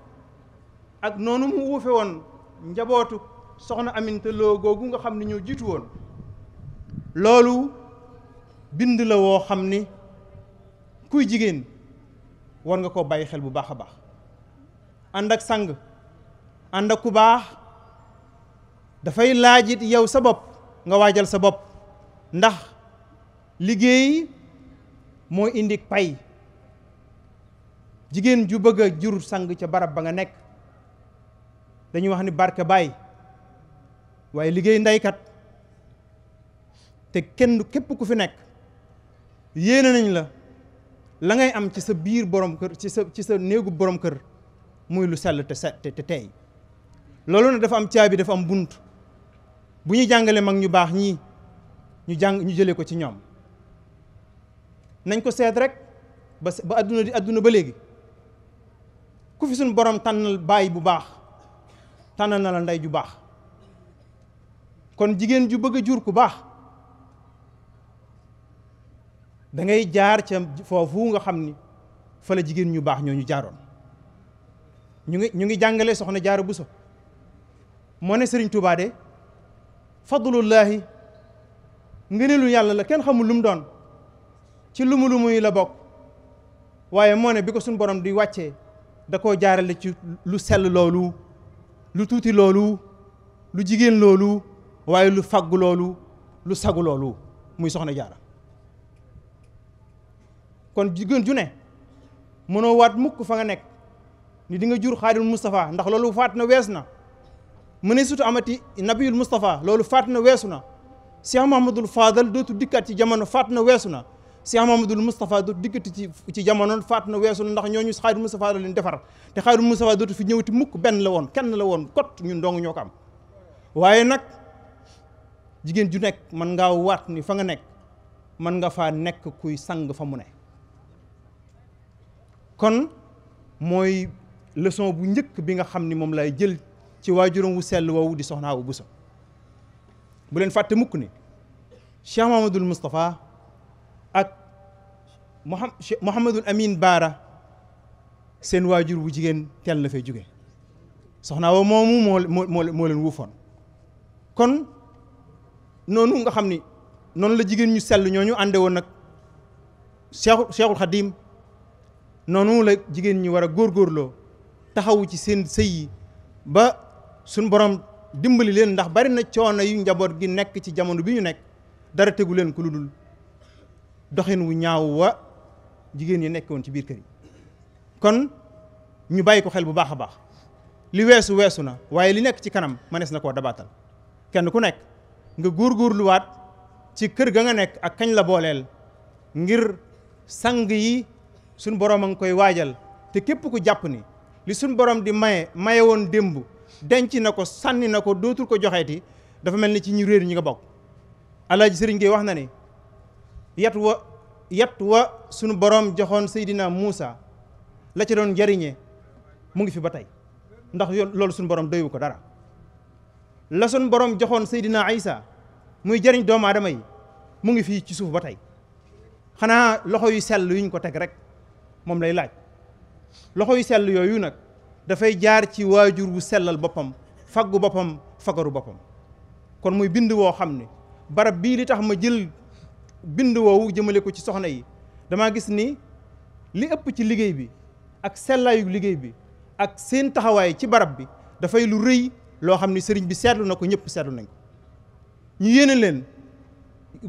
ak noonu mu wuufe woon njabootu soxna Aminta Lo googu nga xam ni ñoo jiitu woon loolu bind la woo xam ni kuy jigéen war nga koo bàyyi xel bu baax a baax ànd ak sang ànd ak ku baax dafay laajit yow sa bopp nga waajal sa bopp ndax liggéey moo indi ak pay jigéen ju bëgg a jur sang ca barab ba nga nekk dañuy wax ni barke baay waaye liggéey ndeykat te kenn képp ku fi nekk yéene nañ la la ngay am ci sa biir borom kër ci sa ci sa néegu borom kër muy lu sell te set te tey loolu nag dafa am caabi dafa am bunt bu ñu jàngalee mag ñu baax ñii ñu jàng ñu jëlee ko ci ñoom nañ ko seet rek ba ba àdduna di àdduna ba léegi ku fi boroom borom tànnal baay bu baax tànnal na la ndey ju baax kon jigéen ju bëgg a jur ku baax dangay ngay jaar ca foofu nga xam ni fa la jigéen ñu baax ñoo ñu jaaroon ñu ngi ñu ngi jàngale soxna jaara buso moo ne sëriñ Tuubaa de fadlullaahi ngëneelu yàlla la kenn xamul lu doon ci lumu lumu yi la bokk waaye moo ne bi ko suñu borom di wàccee da koo jaarale ci lu sel loolu lu tuuti loolu lu jigéen loolu waaye lu fag loolu lu sagu loolu muy soxna jaara kon jigéen ju ne mënoo waat mukk fa nga nekk ni di nga jur xaadimul Moustapha ndax loolu faat na wees na mu ne surtout amati nabiyul Moustapha loolu faat na weesu na Cheikh Mahamadul Fadal dootu dikkaat ci jamono faat na weesu na Cheikh Mahamadul Moustapha dootu dikkati ci ci jamono faat na weesu na ndax ñoo ñooñu xaadimul Moustapha la leen defar te xaadimul Moustapha dootu fi ti mukk benn la woon kenn la woon kot ñu dong ñoo ko am waaye nag jigéen ju nekk mën ngaa waat ni fa nga nekk mën nga faa nekk kuy sang fa mu ne kon mooy leçon bu njëkk bi nga xam ni moom laay jël ci waajuram wu sell woowu di soxna Awa Bousso bu leen fàtte mukk ni Cheikh Mouhamadoul Moustapha ak Mouhamadoul Amine Baara seen waajur wu jigéen teel la fay jóge soxna Awa moomu moo moo moo leen wuufoon kon noonu nga xam ni noonu la jigéen ñu sell ñooñu ànde woon nag Cheikhul Cheikhul noonu la jigéen ñi war a góorloo taxawu ci seen sëy yi ba suñ boroom dimbali leen ndax bari na coono yu njaboot gi nekk ci jamono bi ñu nekk dara tegu leen ku lu dul doxin wu ñaaw wa jigéen ñi nekkoon ci biir kër yi kon ñu bàyyi ko xel bu baax a baax li weesu weesu na waaye li nekk ci kanam mënees na koo dabaatal kenn ku nekk nga góor góorluwaat ci kër ga nga nekk ak kañ la booleel ngir sang yi suñ borom a ngi koy waajal te képp ko jàpp ni li suñ borom di maye maye woon démb denc na ko sànni na ko dootul ko joxeeti dafa mel ni ci ñu réer ñi nga bokk alaaji sëriñ Gueye wax na ni yat wa yat wa sunu borom joxoon Seydina Muusa la ca doon jariñe mu ngi fi ba tey ndax loolu suñu borom doywu ko dara la suñu borom joxoon Seydina Isa muy jariñ doomu adama yi mu ngi fii ci suuf ba tey xanaa loxo yu sell yuñ ko teg rek moom lay laaj loxo yu sell yooyu nag dafay jaar ci waajur wu sellal boppam fag boppam fagaru boppam kon muy bind woo xam ne barab bii li tax ma jël bind woowu jëmale ko ci soxna yi dama gis ni li ëpp ci liggéey bi ak sellaayu liggéey bi ak seen taxawaay ci barab bi dafay lu rëy loo xam ne sëriñ bi seetlu na ko ñëpp seetlu nañ ko ñu yéene leen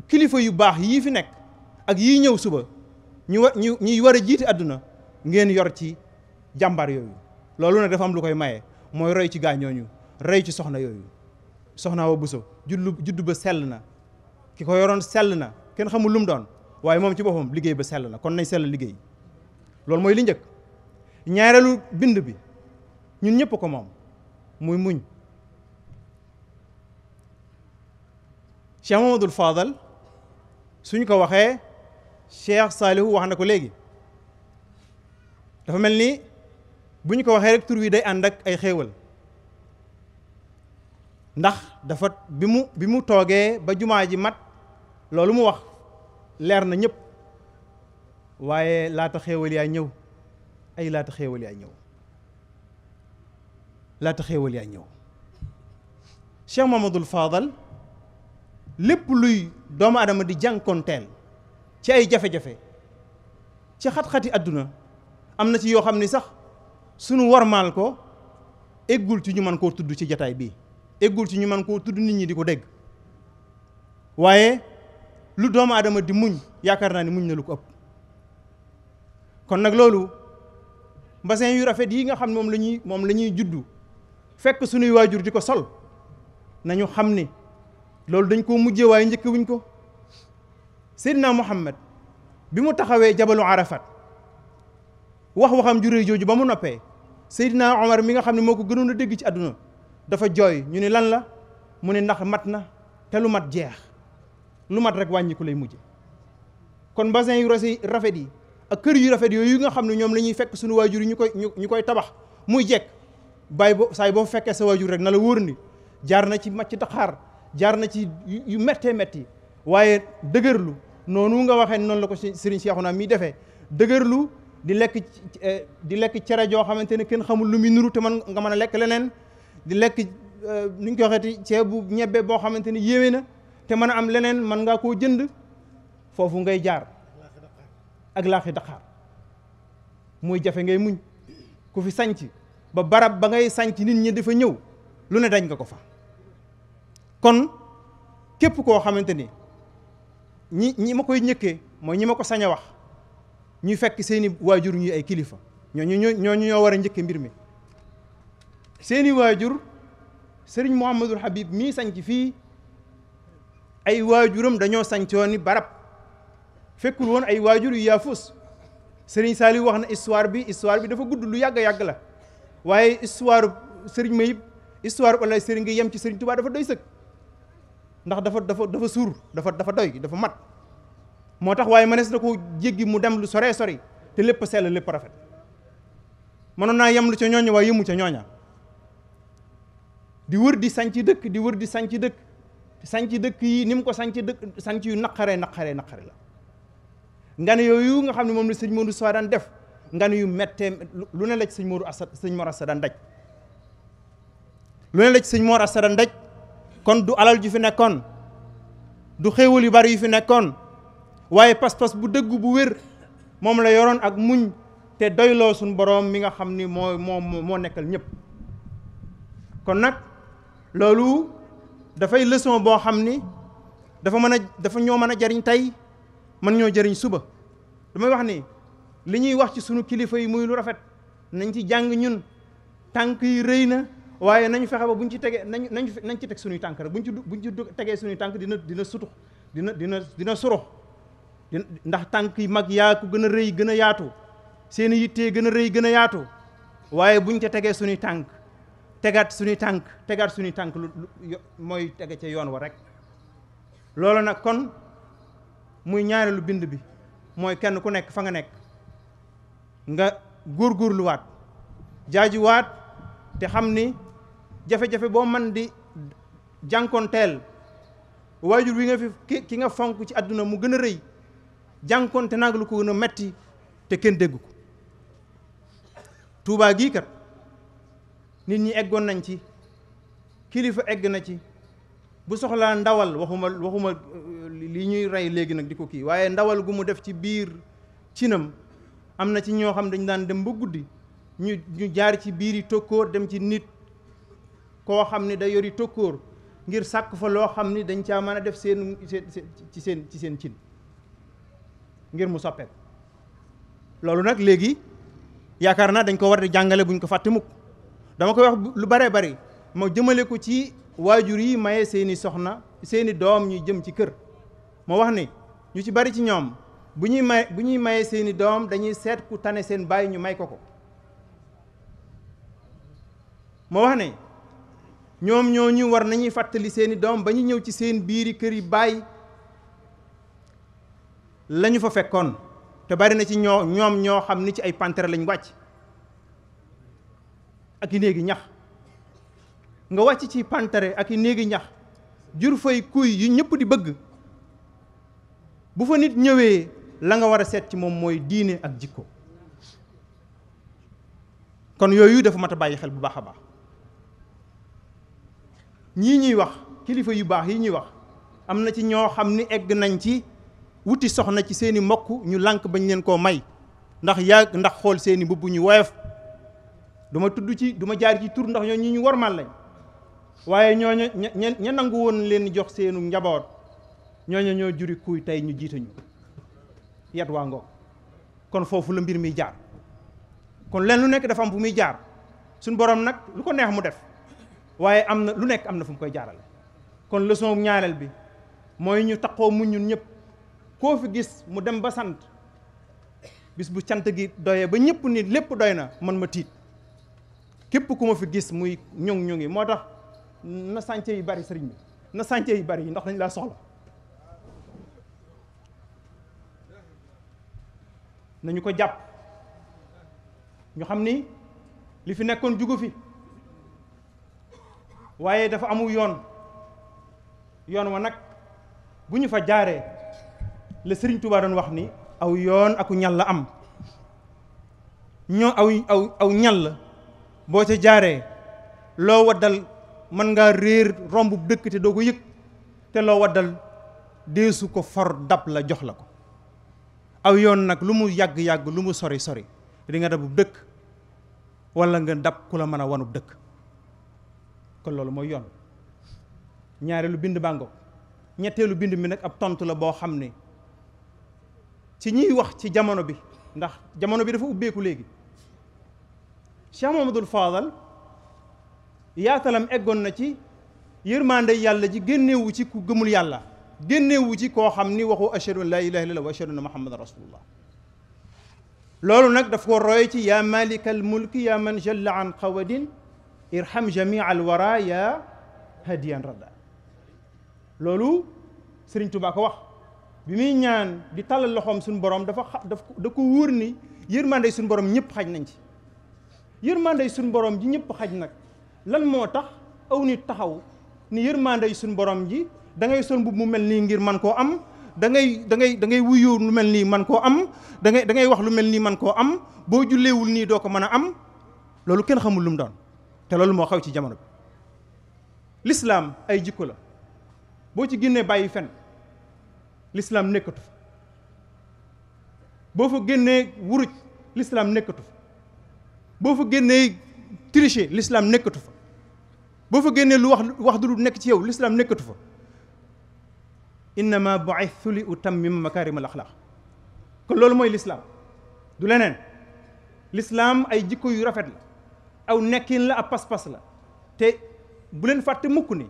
kilifa yu baax yii fi nekk ak yii ñëw suba ñu ñu ñuy war a jiite àdduna ngeen yor ci jàmbar yooyu loolu nag dafa am lu koy maye mooy rey ci gaañooñu rey ci soxna yooyu soxna wa buso juddu juddu ba sell na ki ko yoroon sell na kenn xamul lu mu doon waaye moom ci boppam liggéey ba sell na kon nañ sell liggéey loolu mooy li njëkk ñaareelu bind bi ñun ñëpp ko moom muy muñ Cheikh Mamadou Fadal suñ ko waxee Cheikh Saalihu wax na ko léegi dafa mel ni bu ñu ko waxee rek tur wi day ànd ak ay xéewal ndax dafa bi mu bi mu toogee ba jumaa ji mat loolu mu wax leer na ñëpp waaye laata xéewal yaa ñëw ay laata xéewal yaa ñëw laata xéewal yaa ñëw Cheikh Mamadul Fadal lépp luy doomu adama di jànkonteel ci ay jafe-jafe ci xat-xati àdduna am na ci yoo xam ni sax sunu warmaal ko eggul ci ñu mën koo tudd ci jataay bi eggul ci ñu mën koo tudd nit ñi di ko dégg waaye lu doom aadama di muñ yaakaar naa ni muñ na lu ko ëpp kon nag loolu mbasin yu rafet yi nga xam ne moom lañuy moom lañuy juddu fekk sunuy waajur di ko sol nañu xam ni loolu dañ koo mujjee waaye njëkkewuñ ko seydina muhammad bi mu taxawee jabalu arafat wax waxam juré jooju ba mu noppee seydina omar mi nga xam ne moo ko gënoon a dégg ci àdduna dafa jooy ñu ni lan la mu ne ndax mat na te lu mat jeex lu mat rek wàññiku lay mujj kon basin yu rafet yi ak kër yu rafet yooyu nga xam ne ñoom la ñuy fekk sunu waajur yi ñu koy ñu koy tabax muy jekk bàyyi bo saay boo fekkee sa waajur rek na la wóor ni jaar na ci macc taxaar jaar na ci yu méttee métti waaye dëgërlu noonu nga waxee noonu la ko si sëriñ Seexuna mi defee dëgërlu di lekk eh, di lekk cere joo xamante ne kenn xamul lu muy nuru te man nga mën a lekk leneen di lekk eh, ni ñu waxee waxeeti ceebu ñebbe boo xamante ni yéeme na te mën a am leneen mën ngaa koo jënd foofu ngay jaar ak laaxi daqaar mooy jafe ngay muñ ku fi sanc ba barab ba ngay sanc nit ñi dafa ñëw lu ne dañ nga ko fa kon képp koo xamante ni ñi ñi ma koy njëkkee mooy ñi ma ko sañ a wax ñuy fekk seeni waajur ñuy ay kilifa ñooñu ñu ñoo war a njëkke mbir mi seeni waajur sëriñ Mouhamadul Habib mii sañc fii ay waajuram dañoo sañcoon ni barab fekkul woon ay waajur yu yaafus sëriñ Saliou wax na histoire bi histoire bi dafa gudd lu yàgg yàgg la waaye histoire sëriñ Mayib histoire wala sëriñ ngi yem ci sëriñ Touba dafa doy sëkk ndax dafa dafa dafa suur dafa dafa doy dafa mat moo tax waaye mënees na koo jéggi mu dem lu sore sori te lépp a sell lépp rafet mënoon naa yem lu ca ñooña waaye yëmu ca ñooña di wër di sañc dëkk di wër di sañc dëkk sanc dëkk yi ni mu ko sanc dëkk sanc yu naqaree naqaree naqare la nga ne yooyu nga xam ne moom la sëñ Modou Sow daan def nga yu mettee lu ne la ci sëñ Modou Assa sëñ Mor Assa daan daj lu ne sëñ Mor Assa daan daj kon du alal ju fi nekkoon du xéewal yu bari yu fi nekkoon waaye pas-pas bu dëgg bu wér moom la yoroon ak muñ te doyloo suñu boroom mi nga xam ni moo moo moo nekkal ñépp kon nag loolu dafay leçon boo xam ni dafa mën a dafa ñoo mën a jariñ tey mën ñoo jariñ suba damay wax ni li ñuy wax ci suñu kilifa yi muy lu rafet nañ ci jàng ñun tànk yi rëy na waaye nañu fexe ba buñ ci tegee nañ nañ nañ ci teg suñuy tànk rek buñ ci buñ ci tegee suñuy tànk dina dina sutux dina dina dina surux ndax tànk yi mag yaa ko gën a rëy gën a yaatu seen yittee gën a rëy gën a yaatu waaye buñ ca tegee suñuy tànk tegaat suñuy tànk tegaat suñuy tànk lu mooy tege ca yoon wa rek loolu nag kon muy ñaareelu bind bi mooy kenn ku nekk fa nga nekk nga góorgóorluwaat jaajiwaat te xam ni jafe-jafe boo man di jànkonteel waajur wi nga fi ki nga fonk ci àdduna mu gën a rëy jànkonte nag lu ko gën a metti te kenn dégg ko tuubaa gii kat nit ñi eggoon nañ ci kilifa egg na ci bu soxlaa ndawal waxuma waxuma euh, li ñuy rey léegi nag di ko kii waaye ndawal gu mu def ci biir cinam am na ci ñoo xam dañ daan dem ba guddi ñu ñu jaar ci biir yi tokkoor dem ci nit koo xam ni da yori tokkóor ngir sàkk fa loo xam ni dañ caa mën a def seen ci seen ci seen cin ngir mu soppeek loolu nag léegi yaakaar naa dañ ko war di jàngale buñ ko fàtte mukk dama koy wax lu bare bari ma jëmale ko ci waajur yi maye seeni soxna seeni doom ñuy jëm ci kër moo wax ni ñu ci bari ci ñoom bu ñuy may bu ñuy maye seeni doom dañuy seet ku tane seen bàyyi ñu may ko ko ma wax ne ñoom ñoo ñooñu war nañuy fàttali seeni doom ba ñu ñëw ci seen biiri kër yi bàyyi la ñu fa fekkoon te bari na ci ñoo ñoom ñoo xam ni ci ay pantere lañu wàcc ak i néegi ñax nga wàcc ci pantere ak i néegi ñax jur fay kuy yu ñëpp di bëgg bu fa nit ñëwee la nga war a seet ci moom mooy diine ak jikko kon yooyu dafa mat a bàyyi xel bu baax a baax ñii ñuy wax kilifa yu baax yi ñuy wax am na ci ñoo xam ni egg nañ ci wuti soxna ci seeni mbokk ñu lànk bañ leen koo may ndax yàgg ndax xool seeni mbubb ñu woyof du ma tudd ci du jaar ci tur ndax ñoo ñi ñu wormal lañ waaye ñooñu ña ña nangu woon leen jox seenu njaboot ñooñu ñoo juri kuy tey ñu jiitañu yat waa ngoog kon foofu la mbir mi jaar kon leen lu nekk dafa am bu muy jaar suñ borom nag lu ko neex mu def waaye am na lu nekk am na fu mu koy jaarale kon leçon ñaareel bi mooy ñu taqoo muñ ñun ñëpp koo fi gis mu dem ba sant bis bu cant gi doyee ba ñëpp ni lépp doy na man ma tiit képp ku ma fi gis muy ñoŋ ñoŋi moo tax na sànce yi bari sëriñ bi na sànce yi bari yi ndax dañ laa soxla nañu ko jàpp ñu xam ni li fi nekkoon jugu fi waaye dafa amul yoon yoon wa nag bu ñu fa jaaree la Sëriñ Tuubaa doon wax ni aw yoon aku ñal la am ñoo aw aw aw ñal boo ca jaaree loo waddal mën nga réer romb dëkk te doo ko yëg te loo waddal deesu ko for dab la jox la ko aw yoon nag lu mu yàgg-yàgg lu mu sori sori di nga bu dëkk walla nga dab ku la mën a wanub dëkk ko loolu mooy yoon ñaareelu bind bàngo ñetteelu bind mi nag ab tontu la boo xam ne ci ñiy wax ci jamono bi ndax jamono bi dafa ubbeeku léegi Cheikh Mamadul Fadal yaatalam eggoon na ci yërmande yàlla ji génnewu ci ku gëmul yàlla génnewu ci koo xam ni waxu ashhadu an laa ilaaha illallah wa ashhadu anna muhammadan rasulullah loolu nag daf ko roy ci yaa malikal mulki yaa man jalla an qawadin irham jamii al wara ya hadiyan radda loolu sëriñ Tuubaa ko wax bi muy ñaan di tàllal loxoom suñu borom dafa xa daf da ko wóor ni yërmande suñu borom ñëpp xaj nañ ci yërmande suñu boroom ji ñëpp xaj nag lan moo tax aw nit taxaw ni yërmande suñu borom ji dangay ngay sol mbubb mu mel nii ngir man koo am da ngay da da ngay wuyu lu mel nii man koo am dangay ngay da ngay wax lu mel nii man koo am boo jullewul nii doo ko mën a am loolu kenn xamul lu mu doon te loolu moo xaw ci jamono bi lislaam ay jikko la boo ci génnee bàyyi fen lislaam nekkatu fa boo fa génnee wuruj lislaam nekkatu fa boo fa génnee tricher lislaam nekkatu fa boo fa génnee lu wax wax du lu nekk ci yow lislaam nekkatu fa innama bu'ithtu li utammima makarim al axlaq kon loolu mooy lislaam du leneen lislaam ay jikko yu rafet la aw nekkin la ab pas-pas la te bu leen fàtte mukk ni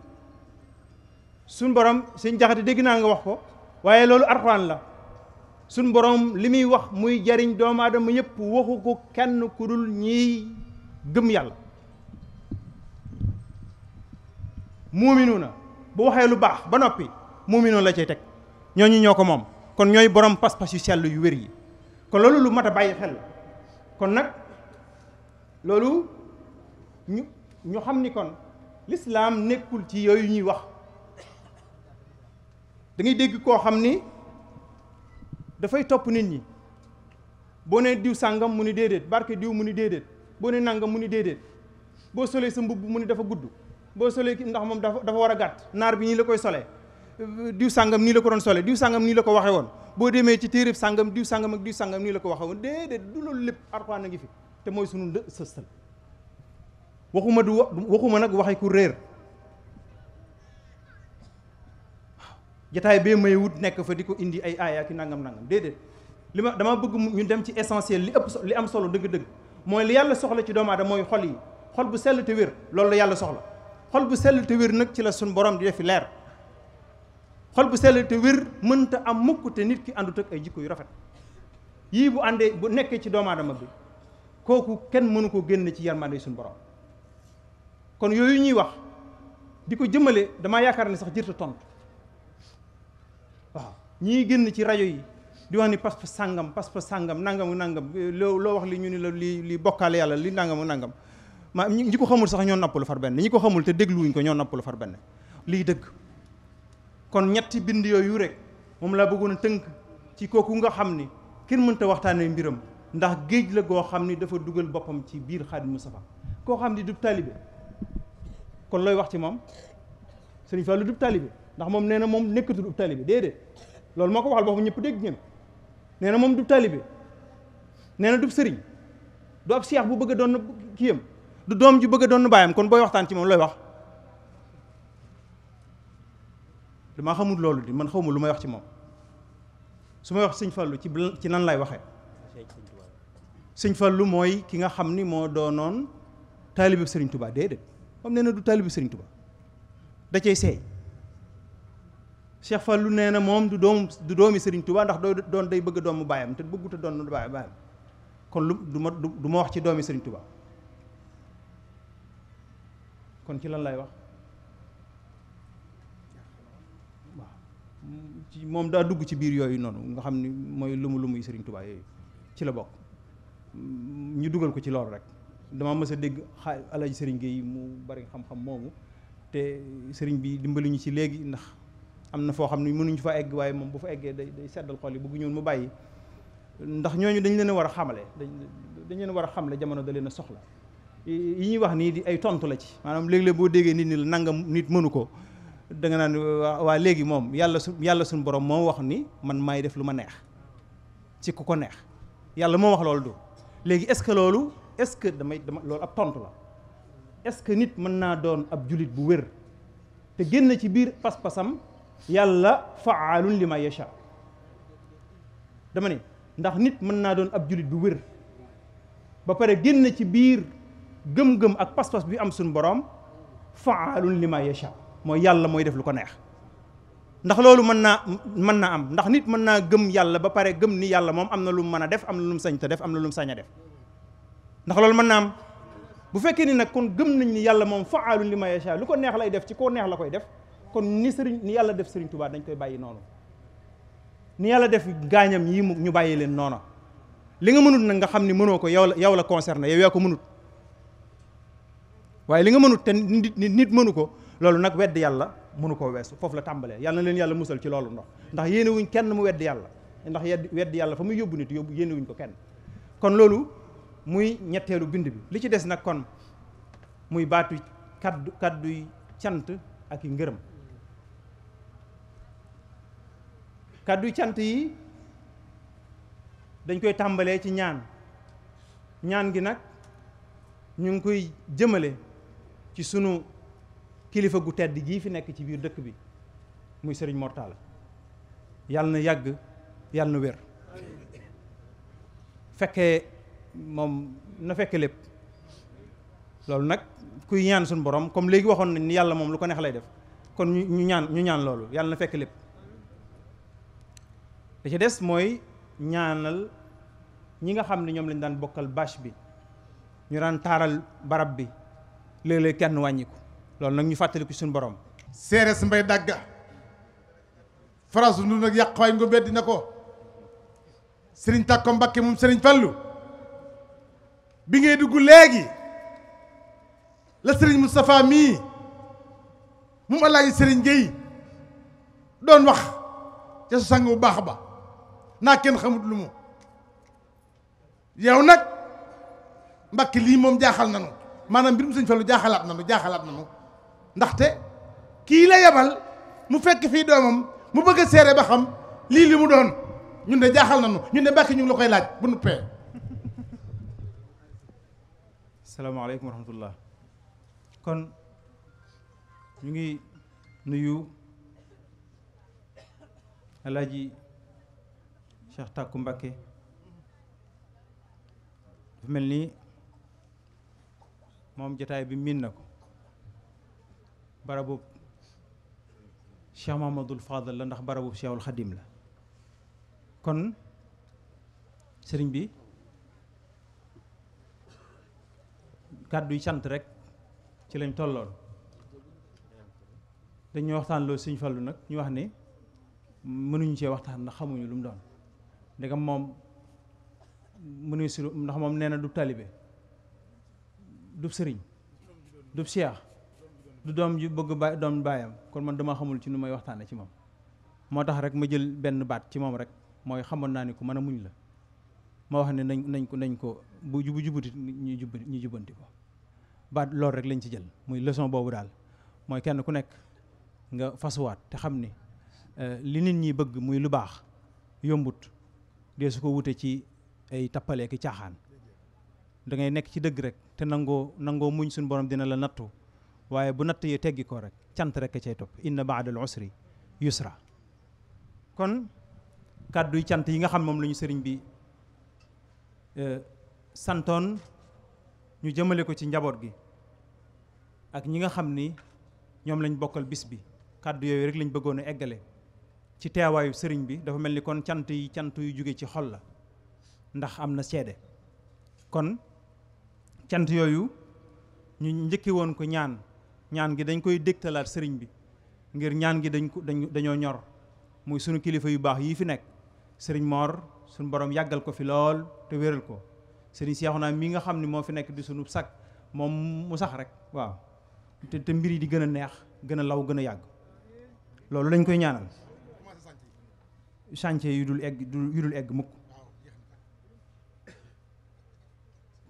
suñ borom suñ jaxate dégg naa nga wax ko waaye loolu arxuraan la suñ borom li muy wax muy jariñ doomu aadama yëpp waxu ko kenn ku dul ñiy gëm yàlla muuminu na bu waxee lu baax ba noppi muuminu la cay teg ñooñu ñoo ko moom kon ñooy borom pas-pas yu sell yu wér yi kon loolu lu mat a bàyyi xel kon nag loolu ñu ñu xam ni kon lislaam nekkul ci yooyu ñuy wax da ngay dégg koo xam ni dafay topp nit ñi boo nee diw sàngam mu ni déedéet barke diw mu ni déedéet boo ne nangam mu ni déedéet boo solee sa mbubb mu ni dafa gudd boo solee ndax moom dafa dafa war a gàtt naar bi nii la koy solee diw sàngam nii la ko doon solee diw sàngam nii la ko waxee woon boo demee ci téereb sàngam diw sàngam ak diw sàngam nii la ko waxee woon déedéet du loolu lépp Alxuraan a ngi fi te mooy sunu sëstal waxuma du waxuma nag waxi ku réer jataay bee may wut nekk fa di ko indi ay aaya ki nangam nangam déedéet li ma dama bëgg ñu dem ci essentiel li ëpp li am solo dëgg-dëgg mooy li yàlla soxla ci doomu aadama mooy xol yi xol bu sell te wér loolu la yàlla soxla xol bu sell te wér nag ci la suñ borom di defi leer xol bu sell te wér mënta am mukk te nit ki àndut ak ay jikko yu rafet yii bu àndee bu nekkee ci doomu aadama bi kooku kenn mënu ko génn ci yërmande suñu borom kon yooyu ñuy wax di ko jëmale damaa yaakaar ne sax jërta tontu waaw ñii génn ci rajo yi di wax ni pas-pas sàngam pas-pas sàngam nangamu nangam eh, loo loo wax li ñu ni la li li bokkaale yàlla li nangamu nangam ma ñi ko xamul sax ñoo nappalu far benn ñi ko xamul te dégluwuñ ko ñoo nappalu far benn lii dëgg kon ñetti bind yooyu rek moom laa bëggoon a tënk ci kooku nga xam ni kenn mënta waxtaanee mbiram ndax géej la goo xam ni dafa dugal boppam ci biir Xaadimu Mustafaa koo xam ni du taalibe kon looy wax ci moom Serigne Fallou du taalibe ndax moom nee na moom nekkatul ub taalibe déedéet loolu moo ko waxal boppam ñëpp dégg ngeen nee na moom du taalibe nee na du sëriñ du ab seex bu bëgg doon doon kiyam du doom ju bëgg a doon baayam kon booy waxtaan ci moom looy wax damaa xamul loolu di man xaw ma lu may wax ci moom su ma wax sëñ Fallou ci ci nan lay waxee sëñ Fallou mooy ki nga xam ni moo doonoon taalibe Sëriñ Touba déedéet moom nee na du taalibu Sëriñ Tuubaa da cay seey Cheikh lu nee na moom du doom du doomi Sëriñ Tuubaa ndax doo doon day bëgg doomu baayam te bëgguta doon baayam kon lu du ma du ma wax ci doomi Sëriñ Tuubaa kon ci lan lay wax waaw ci moom daa dugg ci biir yooyu noonu nga xam ni mooy lumu lumu yi Sëriñ Tuubaa yooyu ci la bokk ñu dugal ko ci loolu rek dama mës a dégg xa Alaaji Sëriñ Gueye mu bari xam-xam moomu te sëriñ bi dimbali ñu ci léegi ndax am na foo xam ne mënuñu fa egg waaye moom bu fa eggee day day seddal xol yi bëgg ñoon mu bàyyi ndax ñooñu dañ leen a war a xamale dañ leen war a xamle jamono da leen a soxla yi ñuy wax nii di ay tontu la ci maanaam léeg-léeg boo déggee nit ni la nangam nit mënu ko da nga naan waa léegi moom yàlla su yàlla suñ borom moo wax ni man maay def lu ma neex ci ku ko neex yàlla moo wax loolu du léegi est loolu est-ce que damay dama loolu ab tontu la est-ce que nit mën naa doon ab julit bu wér te génn ci biir pas-pasam yàlla faalun li ma yasha dama ne ndax nit mën naa doon ab julit bu wér ba pare génn ci biir gëm-gëm ak pas-pas bi am suñu borom faalun li ma yasha mooy yàlla mooy def lu ko neex ndax loolu mën naa mën naa am ndax nit mën naa gëm yàlla ba pare gëm ni yàlla moom am na lu mën a def am na lu mu sañ te def am na lu mu sañ a def ndax loolu mën naa am bu fekkee ni nag kon gëm nañ ni yàlla moom faalun li ma yasha lu ko neex lay def ci koo neex la koy def kon ni sëriñ ni def sëriñ Tuubaa dañ koy bàyyi noonu ni yàlla def gaañam yi ñu bàyyi leen noona li nga mënut nag nga xam ni mënoo ko yow la yow la concerné yow yaa ko mënut waaye li nga mënut te nit nit mënu ko loolu nag wedd yàlla mënu koo weesu foofu la tàmbalee yàlla leen yàlla musal ci loolu ndox ndax yéene wuñ kenn mu wedd yàlla ndax yedd wedd yàlla fa muy yóbbu nit yóbbu yéene wuñ ko kenn kon loolu muy ñetteelu bind bi li ci des nag kon muy baatu kaddu kadduy cant ak i ngërëm kadduy cant yi dañ koy tàmbalee ci ñaan ñaan gi nag ñu ngi koy jëmale ci sunu kilifa gu tedd gii fi nekk ci biir dëkk bi muy sëriñ Mortalla yàlla na yàgg yàlla na wér fekkee moom na fekk lépp loolu nag kuy ñaan suñu borom comme léegi waxoon nañ ni yàlla moom lu ko neex lay def kon ñu ñaan ñu ñaan loolu yàlla na fekk lépp da des mooy ñaanal ñi nga xam ne ñoom lañu daan bokkal bâche bi ñu daan taaral barab bi léeg-léeg kenn wàññiku loolu nag ñu fàttaliku suñu borom seerees mbay dàgga farasu nu nag yàqwaay ngo beddi na ko sëriñ tàkko mbakke moom sëriñ fallu bi ngay dugg léegi la sëriñ mu Moustapha mii mu moom Alaaji sëriñ Gueye doon wax ca sa sang bu baax ba naa kenn xamut lu mu yow nag mbakki lii moom jaaxal nanu maanaam mbirum sëñ Fallu jaaxalaat nanu jaaxalaat nanu ndaxte kii la yebal mu fekk fii doomam mu bëgg a seere ba xam lii li mu doon ñun de jaaxal nanu ñun de mbàkki ñu la koy laaj bu nu pee salaamaaleykum wa rahmatullah kon ñu ngi nuyu alaaji Cheikh Tàkku Mbàkke dafa mel ni moom jataay bi miin na ko barabu Cheikh Mahamadul Fadal la ndax barabu Cheikhul Xadim la kon sëriñ bi kàddu yi sant rek ci lañ tolloon dañu waxtaan loolu suñ Fallu nag ñu wax ni mënuñu cee waxtaan ndax xamuñu lu mu doon ndegam moom mënuñu si ndax moom nee na du talibe du sëriñ du seex du doom ju bëgg ba doom baayam kon man dama xamul ci nu may waxtaane ci moom moo tax rek ma jël benn baat ci moom rek mooy xamoon naa ni ku mën a muñ la ma wax ne nañ nañ ko nañ ko bu jubu jubuti ñu jubbanti ko ba loolu rek lañ ci jël muy leçon boobu daal mooy kenn ku nekk nga fasuwaat te xam ni euh, li nit ñi bëgg muy lu baax yombut dee su ko wute ci ay tappaleek i caaxaan da nekk ci dëgg rek te nangoo nangoo muñ suñu borom dina la nattu waaye bu natt yi teggi ko rek cant rek a cay topp inna baadal usri yusra kon kàdduy cant yi nga xam moom la sëriñ bi euh, santoon ñu jëmale ko ci njaboot gi ak ñi nga xam ni ñoom lañ bokkal bis bi kàddu yooyu rek lañ bëggoon a eggale ci teewaayu sëriñ bi dafa mel ni kon cant yi cant yu jóge ci xol la ndax am na seede kon cant yooyu ñu njëkki woon ko ñaan ñaan gi dañ koy dégtalaat sëriñ bi ngir ñaan gi dañ ko dañoo ñor muy sunu kilifa yu baax yii fi nekk sëriñ Mor sunu borom yàggal ko fi lool te wéral ko sëriñ Seexuna mii nga xam ni moo fi nekk di sunu sag moom mu sax rek waaw te te mbir yi di gën a neex gën a law gën a yàgg loolu lañ koy ñaanal chantier yu dul egg yu dul egg mukk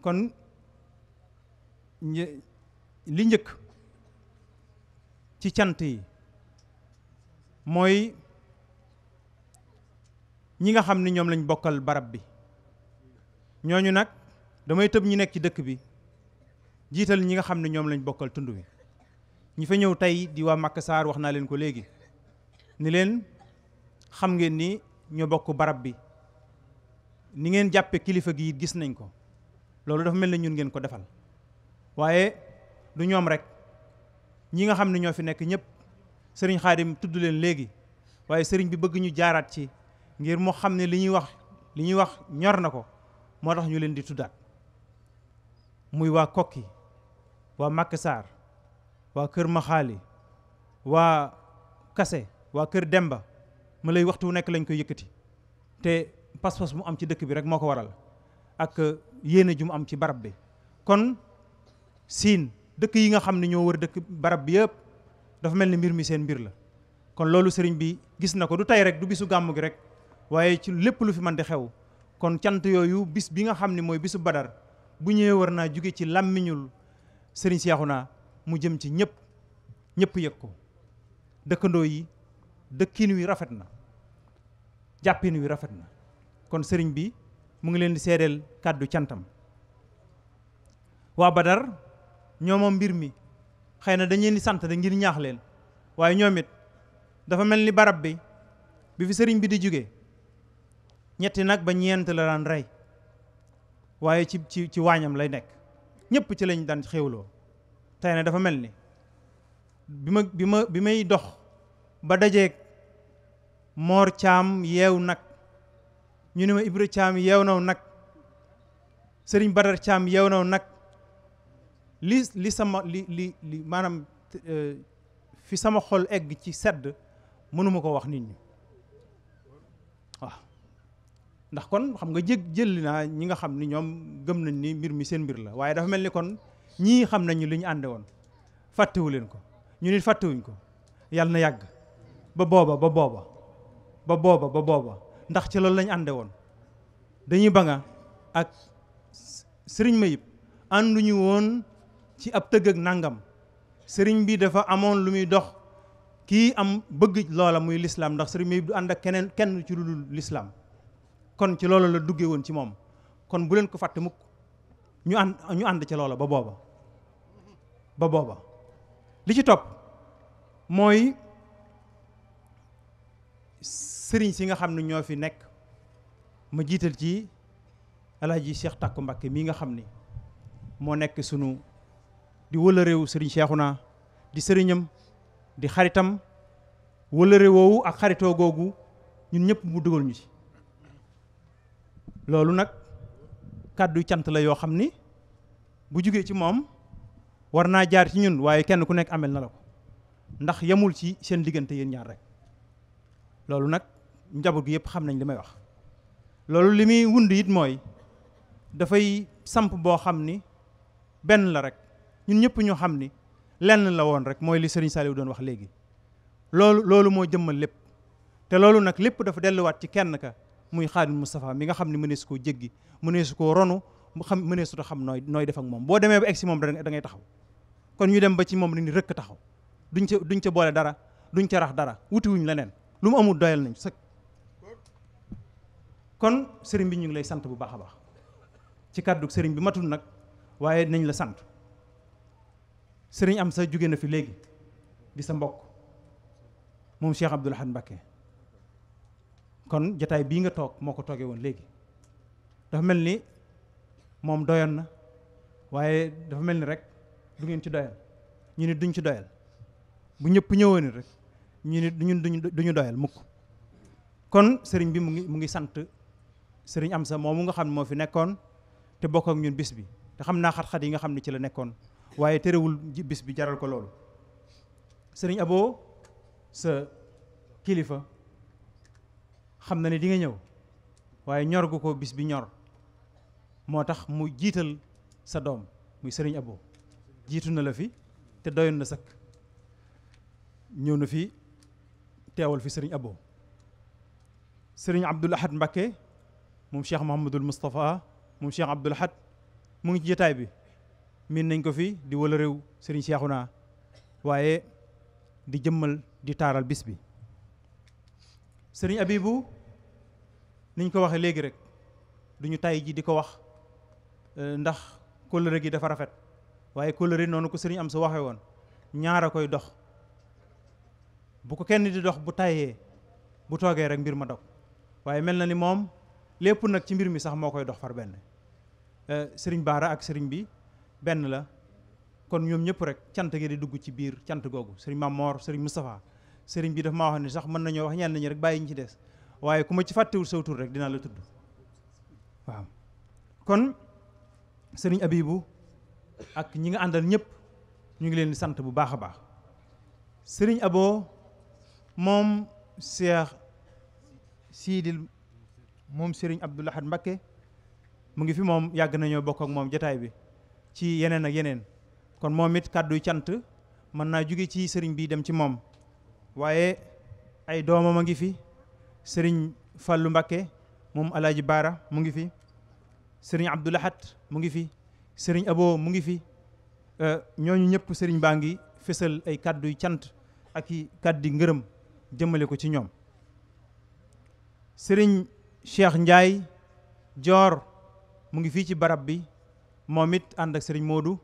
kon li njëkk ci cant yi mooy ñi nga xam ni ñoom lañ bokkal barab bi ñooñu nag damay tëb ñi nekk ci dëkk bi jiital ñi nga xam ne ñoom lañ bokkal tund wi ñi fa ñëw tey di waa Màkka Saar wax naa leen ko léegi ni leen xam ngeen ni ñoo bokk barab bi ni ngeen jàppe kilifa gi it gis nañ ko loolu dafa mel ne ñun ngeen ko defal waaye du ñoom rek ñi nga xam ne ñoo fi nekk ñëpp sëriñ Xaadim tudd leen léegi waaye sëriñ bi bëgg ñu jaaraat ci ngir mu xam ne li ñuy wax li ñuy wax ñor na ko moo tax ñu leen di tuddaat muy waa Kokki waa Màkka Saar waa kër Maxaali waa Kase waa kër Demba ma lay waxtu nekk lañ koy yëkkati te pas-pas mu am ci dëkk bi rek moo ko waral ak euh, yéene ju mu am ci barab bi kon siin dëkk yi nga xam ne ñoo wër dëkk barab bi yëpp dafa mel ni mbir mi seen mbir la kon loolu sëriñ bi gis na ko du tey rek du bisu gàmm gi rek waaye ci lépp lu fi man di xew kon cant yooyu bis bi nga xam ni mooy bisu badar bu ñëwee war naa jóge ci làmmiñul sëriñ naa mu jëm ci ñëpp ñëpp yëg ko dëkkandoo yi dëkkin wi rafet na jàppin wi rafet na kon sëriñ bi mu ngi leen di seedeel kàddu cantam waa Badar ñoomam mbir mi xëy na dañu leen di sant de ngir ñaax leen waaye ñoom it dafa mel ni barab bi bi fi sëriñ bi di jóge ñetti nag ba ñeent la daan rey waaye ci ci ci waañam lay nekk ñëpp ci lañ daan xewloo tey na dafa mel ni bi ma bi ma bi may dox ba dajeek moor caam yeew nag ñu ne ma ibra caam yeew naw nag sëriñ badar caam yeew naw nag li li sama li li li maanaam euh, fi sama xol egg ci sedd mënuma ko wax nit ñi waaw ndax kon xam nga jég jëli naa ñi nga xam ni ñoom gëm nañ ni mbir mi seen mbir la waaye dafa mel ni kon ñii xam nañu li ñu ànde woon fàttewu leen ko ñu nit fàttewuñ ko yàlla na yàgg ba booba ba booba ba booba ba booba ndax ci loolu lañu ànde woon dañuy banga ak sëriñ Mayib ànduñu woon ci ab tëgg ak nangam sëriñ bi dafa amoon lu muy dox kii am bëgg loola muy lislaam ndax sëriñ Mayib du ànd ak keneen kenn ci lu dul lislaam kon ci loola la duggee woon ci moom kon bu leen ko fàtte mukk ñu ànd ñu ànd ci loola ba booba ba booba li ci topp mooy sëriñ si nga xam ne ñoo fi nekk ma jiital ci alaaji Cheikh Takku Mbakke mii nga xam ni moo nekk sunu di wëla réew sëriñ naa di sëriñam di xaritam wëla réewoowu ak xaritoo googu ñun ñëpp mu dugal ñu ci loolu nag kàddu cant la yoo xam ni bu jugee ci moom war naa jaar ci ñun waaye kenn ku nekk amel na la ko ndax yemul ci seen diggante yéen ñaar rek loolu nag njaboot gi yëpp xam nañ li may wax loolu li muy wund it mooy dafay samp boo xam ni benn la rek ñun ñëpp ñu xam ni lenn la woon rek mooy li Serigne Saliou doon wax léegi loolu loolu moo jëmmal lépp te loolu nag lépp dafa delluwaat ci kenn ka muy Xaadim Moustapha mi nga xam ne mënees koo jéggi mënees koo ronu mu xam mëneesuta xam nooy nooy def ak moom boo demee ba egg si moom da ngay taxaw kon ñu dem ba ci moom ni rëkk taxaw duñ ca duñ ca boole dara duñ ca rax dara wutiwuñ leneen lu mu amul doyal nañ sëkk kon sëriñ bi ñu ngi lay sant bu baax a baax ci kàddu sëriñ bi matul nag waaye nañ la sant sëriñ am sa jóge na fi léegi di sa mbokk moom Cheikh Abdoul Ahad Mbacké kon jataay bii nga toog moo ko toogee woon léegi dafa mel ni moom doyal na waaye dafa mel ni rek du ngeen ci doyal ñu ne duñ ci doyal bu ñëpp ñëwoon rek ñu ne duñu duñu doyal mukk kon sëriñ bi mu ngi mu ngi sant sëriñ moom mu nga xam ne moo fi nekkoon te bokk ak ñun bis bi te xam naa xat-xat yi nga xam ne ci la nekkoon waaye terewul bis bi jaral ko loolu sëriñ Abo sa kilifa xam na ne di nga ñëw waaye ñor gu ko bis bi ñor moo tax mu jiital sa doom muy sëriñ Abo jiitu na la fi te doyoon na sëkk ñëw na fi teewal fi sëriñ Abo sëriñ Abdul Ahad Mbakke moom Cheikh Mouhamadul Moustapha moom Cheikh Abdul Ahad mu ngi ci jotaay bi miin nañ ko fi di wala réew sëriñ naa waaye di jëmmal di taaral bis bi sëriñ Abibu niñ ko waxee léegi rek duñu tàyyi ji di ko wax euh, ndax kóllëre gi dafa rafet waaye kóllëre noonu ko sëriñ am sa waxee woon ñaar a koy dox bu ko kenn di dox bu tàyyee bu toogee rek mbir ma dog waaye mel na ni moom lépp nag ci mbir mi sax moo koy dox far benn eh, sëriñ Baara ak sëriñ bi benn la kon ñoom ñëpp rek cant gi di dugg ci biir cant googu sëriñ Mamor sëriñ Moustapha sëriñ bi dafa maa wax ni sax mën nañoo wax ñaan nañu rek bàyyi ñu ci des waaye ku ma ci fàttewul saw tur rek dinaa la tudd waaw kon sëriñ Abibu ak ñi nga àndal ñëpp ñu ngi leen di sant bu baax a baax sëriñ aboo moom Cheikh Sidil moom sëriñ Abdou Lahad Mbacké mu ngi fi moom yàgg nañoo bokk ak moom jataay bi ci yeneen ak yeneen kon moom it kàddu cant mën naa jóge ci sëriñ bi dem ci moom waaye ay doomam a ngi fi sëriñ fàllu Mbacké moom Alaaji Baara mu ngi fi sëriñ Abdou Lahad mu ngi fi sëriñ Abo mu ngi fi euh, ñooñu ñëpp sëriñ baa ngi fësal ay kàdduy yu cant ak yi kàddi ngërëm jëmmale ko ci ñoom sëriñ Cheikh Ndiaye Joor mu ngi fii ci barab bi moomit it ànd ak sëriñ Modou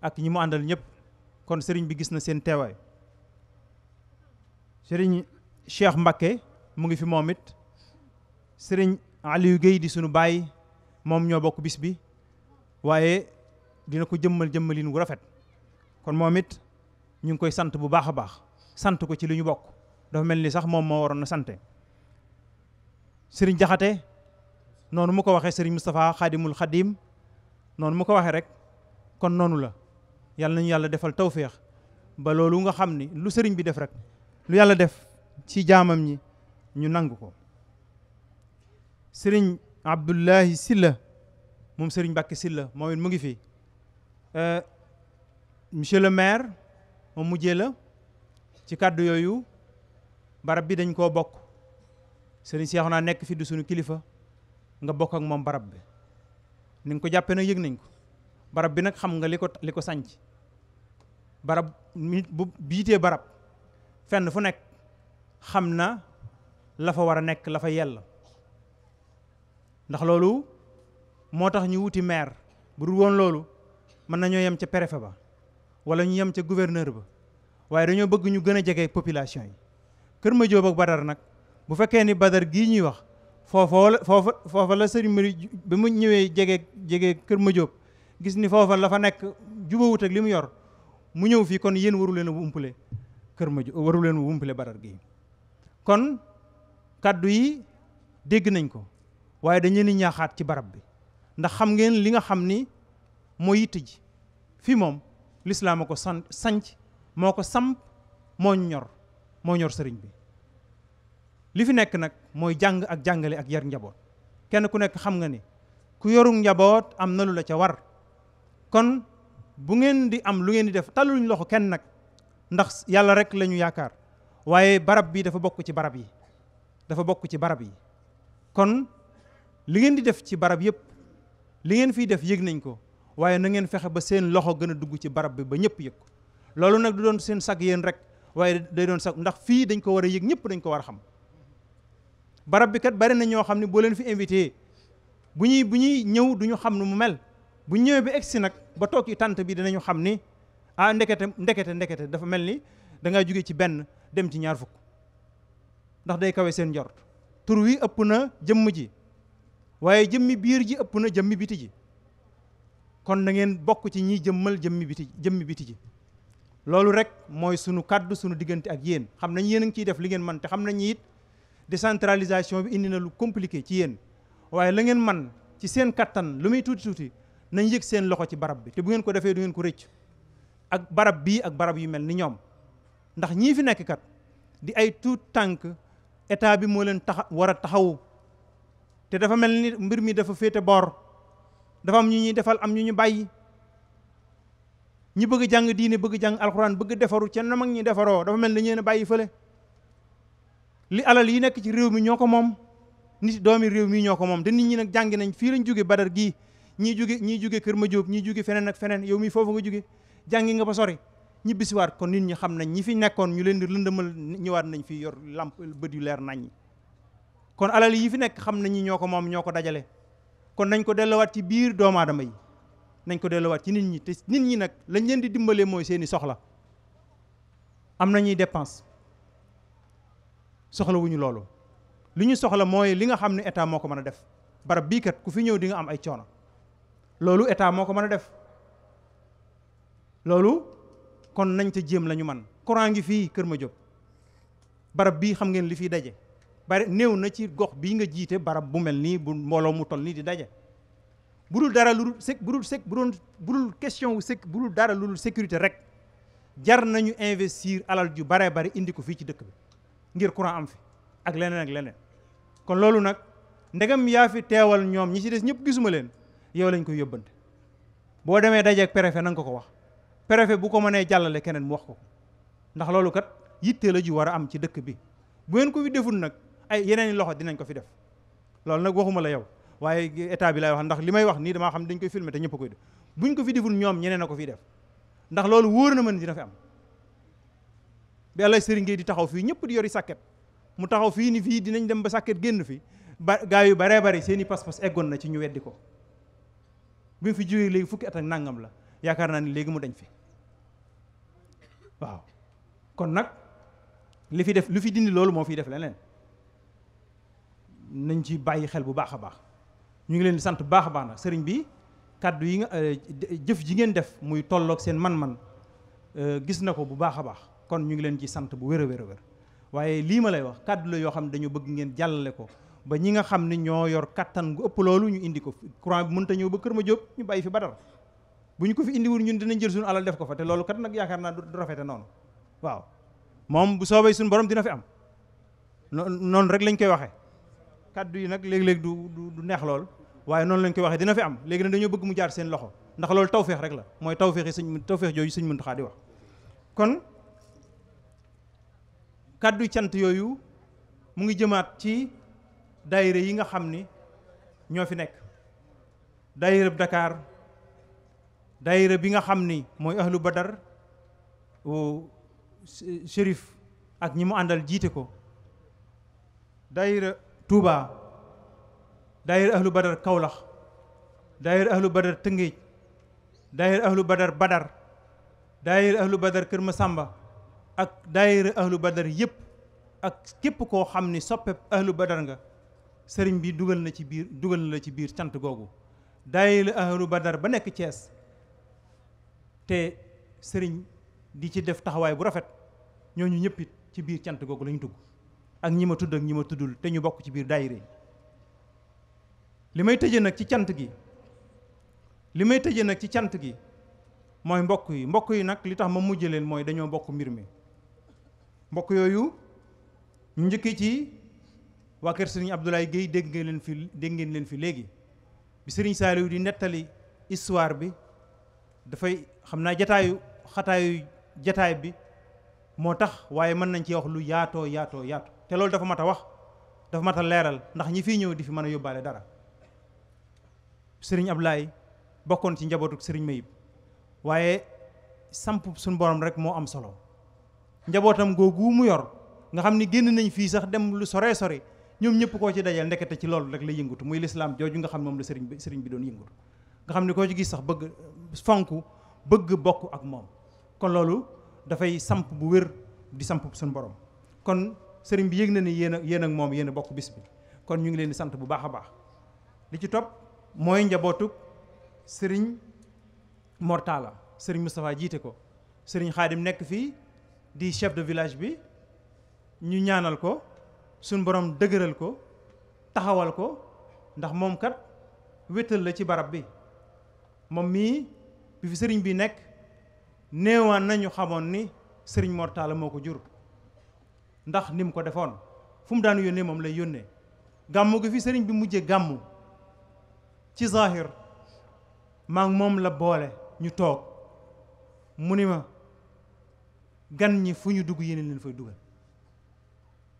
ak ñi mu àndal ñëpp kon sëriñ bi gis na seen teewaay sëriñ Cheikh Mbakke mu ngi fi moom it sëriñ Aliou Guèye di sunu baay moom ñoo bokk bis bi waaye dina ko jëmmal jëmmalin wu rafet kon moom it ñu ngi koy sant bu baax a baax sant ko ci lu ñu bokk dafa mel ni sax moom moo waroon na sante sëriñ jaxate noonu mu ko waxee sëriñ Moustapha xaadimul xadim noonu mu ko waxee rek kon noonu la yàlla nañu yàlla defal tawféex ba loolu nga xam ni lu sëriñ bi def rek lu yàlla def ci jaamam ñi ñu nangu ko sëriñ Abdullahi Silla moom Serigne Mbacke Sylla moom it mu ngi fi euh, monsieur le maire moom mujjee la ci kàddu yooyu barab bi dañ koo bokk Serigne naa nekk fi di suñu kilifa nga bokk ak moom barab bi ni ko jàppee nag yëg nañ ko barab bi nag xam nga li ko li ko sanc barab nit bu biitee barab fenn fu nekk xam na la fa war a nekk la fa yell ndax loolu moo tax ñu wuti maire bu dul woon loolu mën nañoo yem ca préfet ba wala ñu yem ca gouverneur ba waaye dañoo bëgg ñu gën a jege population yi Kër Madiop ak Badar nag bu fekkee ni Badar gii ñuy wax foofa la foofa foofa la sëriñ bi mu ñëwee jege jege Kër Madiop gis ni foofa la fa nekk jubawut ak li mu yor mu ñëw fii kon yéen waru leen a umpale Kër Madiop waru leen a umpale Badar gii kon kàddu yi dégg nañ ko waaye dañu leen ñaaxaat ci barab bi ndax xam ngeen li nga xam ni moo yitte ji fii moom lislaam ko san sanc moo ko samp moo ñor moo ñor sëriñ bi li fi nekk nag mooy jàng ak jàngale ak yar njaboot kenn ku nekk xam nga ni ku yorug njaboot am na lu la ca war kon bu ngeen di am lu ngeen di def taluñ loxo kenn nag ndax yàlla rek lañu yaakaar waaye barab bi dafa bokk ci barab yi dafa bokk ci barab yi kon li ngeen di def ci barab yëpp li ngeen fii def yëg nañ ko waaye na ngeen fexe ba seen loxo gën a dugg ci barab bi ba ñëpp yëg ko loolu nag du doon seen sag yéen rek waaye day doon sag ndax fii dañ ko war a yëg ñëpp dañ ko war a xam barab bi kat bari na ñoo xam ne boo leen fi invité bu ñuy bu ñuy ñëw duñu xam nu mu mel bu ñëwee ba egsi nag ba toog ci tànt bi dinañu xam ni ah ndekete ndekete ndekete dafa mel ni da ngaa jóge ci benn dem ci ñaar fukk ndax day kawe seen njort tur wi ëpp na jëmm ji waaye jëmmi biir ji ëpp na jëmmi biti ji kon na ngeen bokk ci ñiy jëmmal jëmmi biti jëmmi biti ji loolu rek mooy sunu kàddu sunu diggante ak yéen xam nañ yéen a ngi ciy def li ngeen man te xam nañ it décentralisation bi indi na lu compliqué ci yéen waaye la ngeen man ci seen kattan lu muy tuuti tuuti nañ yëg seen loxo ci barab bi te bu ngeen ko defee du ngeen ko rëcc ak barab bii ak barab yu mel ni ñoom ndax ñii fi nekk kat di ay tuut tànk état bi moo leen tax war a taxaw te dafa mel ni mbir mi dafa féete bor dafa am ñu ñuy defal am ñu ñu bàyyi ñi bëgg jàng diine bëgg jàng alxuraan bëgg defaru ca na mag ñi defaroo dafa mel na dañu leen bàyyi fële li alal yi nekk ci réew mi ñoo ko moom nit doomi réew mi ñoo ko moom te nit ñi nag jàngi nañ fii lañ jóge badar gii ñii jóge ñii jóge Kër Madiop ñii jóge feneen ak feneen yow mii foofu nga jóge jàngi nga ba sori ñi bisiwaat kon nit ñi xam nañ ñi fi nekkoon ñu leen di lëndëmal ñëwaat nañ fii yor lamp bët leer nañ kon alal yi fi nekk xam nañu ñoo ko moom ñoo ko dajale kon nañ ko delluwaat ci biir doomaadama yi nañ ko delluwaat ci nit ñi te nit ñi nag lañ leen di dimbalee mooy seeni soxla am na ñuy soxla soxlawuñu loolu li ñu soxla mooy li nga xam ne état moo ko mën a def barab bii kat ku fi ñëw di nga am ay coono loolu état moo ko mën a def loolu kon nañ ca jéem lañu man courant ngi fii Kër ma Madiop barab bii xam ngeen li fiy daje bari néew na ci gox bii nga jiite barab bu mel nii bu mbooloo mu toll nii di daje bu dul dara lu dul sek bu dul sec bu doon bu dul question wu sec bu dul dara lu dul sécurité rek jar nañu investir alal ju baree bari indi ko fii ci dëkk bi ngir courant am fi ak leneen ak leneen kon loolu nag ndegam yaa fi teewal ñoom ñi ci des ñëpp gisuma leen yow lañ koy yóbbante boo demee dajeeg préfet na nga ko ko wax préfet bu ko mënee jàllale keneen mu wax ko ndax loolu kat yitte la ju war a am ci dëkk bi bu ko fi deful nag ay yeneen i loxo dinañ ko fi def loolu nag waxuma la yow waaye état bi laay wax ndax li may wax nii damaa xam dañ koy filmer te ñëpp koy def buñ ko fi deful ñoom ñeneen a ko fi def ndax loolu wóor na mën dina fi am bi àlla sëriñ Gueye di taxaw fii ñëpp di yor yori sàkket mu taxaw fii ni fii dinañ dem ba sàkket génn fi ba gaa yu baree bari seen i pas-pas eggoon na ci ñu weddi ko bi mu fi jiwee léegi fukki at ak nangam la yaakaar naa ni léegi mu dañ fi waaw kon nag li def lu fi dindi loolu moo fiy def leneen nañ ci bàyyi xel bu baax a baax ñu ngi leen di sant baax a baax na sëriñ bi kàddu yi nga euh, jëf ji ngeen def muy tollook seen man-man euh, gis na ko bu baax a baax kon ñu ngi leen ci sant bu wér a wér a wér waaye lii ma lay wax kàddu la yoo xam ne dañu bëgg ngeen jàllale ko ba ñi nga xam ne ñoo yor kàttan gu ëpp loolu ñu indi ko courant bi ta ñëw ba Kër Madiop ñu bàyyi fi Badar bu ñu ko fi indiwul ñun dinañ jël sun alal def ko fa te loolu kat nag yaakaar rafete noonu waaw moom bu soobee suñu borom dina fi am noonu rek lañ koy waxee kaddu yi nag léeg-léeg du du neex lool waaye noonu lañ koy waxee dina fi am léegi nag dañoo bëgg mu jaar seen loxo ndax loolu tawféex rek la mooy tawféex yi sëñ tawféex jooju sëñ Muntaxa di wax kon kaddu cant yooyu mu ngi jëmaat ci dayre yi nga xam ni ñoo fi nekk daayira Dakar daayira bi nga xam ni mooy ahlu badar shérif ak ñi mu àndal jiite ko daayira Touba daayira ahlu badar Kaolack daayira ahlu badar Tëngéej daayira ahlu badar Badar daayira ahlu badar Kër ma sàmba ak daayira ahlu badar yépp ak képp koo xam ni soppe ahlu badar nga sëriñ bi dugal na ci biir dugal la ci biir cant googu daayira ahlu badar ba nekk cees te sëriñ di ci def taxawaay bu rafet ñooñu ñëpp it ci biir cant googu lañu dugg ak ñi ma tudd ak ñi ma tuddul te ñu bokk ci biir daayira li may tëje nag ci cant gi li may tëje nag ci cant gi mooy mbokk yi mbokk yi nag li tax ma mujj leen mooy dañoo bokk mbir mi mbokk yooyu ñu njëkkee ci waa kër sëriñ Abdoulaye Guèye dégg ngeen leen fi dégg ngeen leen fi léegi bi sëriñ Saliou di nettali histoire bi dafay xam naa jataayu xataayu jataay bi moo tax waaye mën nañ ci wax lu yaatoo yaatoo yaatoo te loolu dafa mat a wax dafa mat a leeral ndax ñi fii ñëw di fi mën a yóbbaale dara sëriñ laay bokkoon ci njabootu sëriñ Mayib waaye samp sunu borom rek moo am solo njabootam googu mu yor nga xam ni génn nañ fii sax dem lu sore sore ñoom ñëpp koo ci dajal ndekete ci loolu rek la yëngatu muy lislaam jooju nga xam moom la sëriñ bi sëriñ bi doon yëngatu nga xam ni koo ci gis sax bëgg fonk bëgg bokk ak moom kon loolu dafay samp bu wér di samp suñu borom sëriñ bi yëg na ni yéen a yéen ak moom yéen a bokk bis bi kon ñu ngi leen di sant bu baax a baax li ci topp mooy njabootug sëriñ Mortala sëriñ Moustapha jiite ko sëriñ Xaadim nekk fii di chef de village bi ñu ñaanal ko suñ borom dëgëral ko taxawal ko ndax moom kat wétal la ci barab bi moom mii bi fi sëriñ bi nekk néewaan nañu xamoon ni sëriñ Mortala moo ko jur ndax ni mu ko defoon fu mu daan yónnee moom lay yónnee gàmmu gi fi sëriñ bi mujjee gàmmu ci zahir maa moom la boole ñu toog mu ni ma gan ñi fu ñu dugg yéen leen fay dugal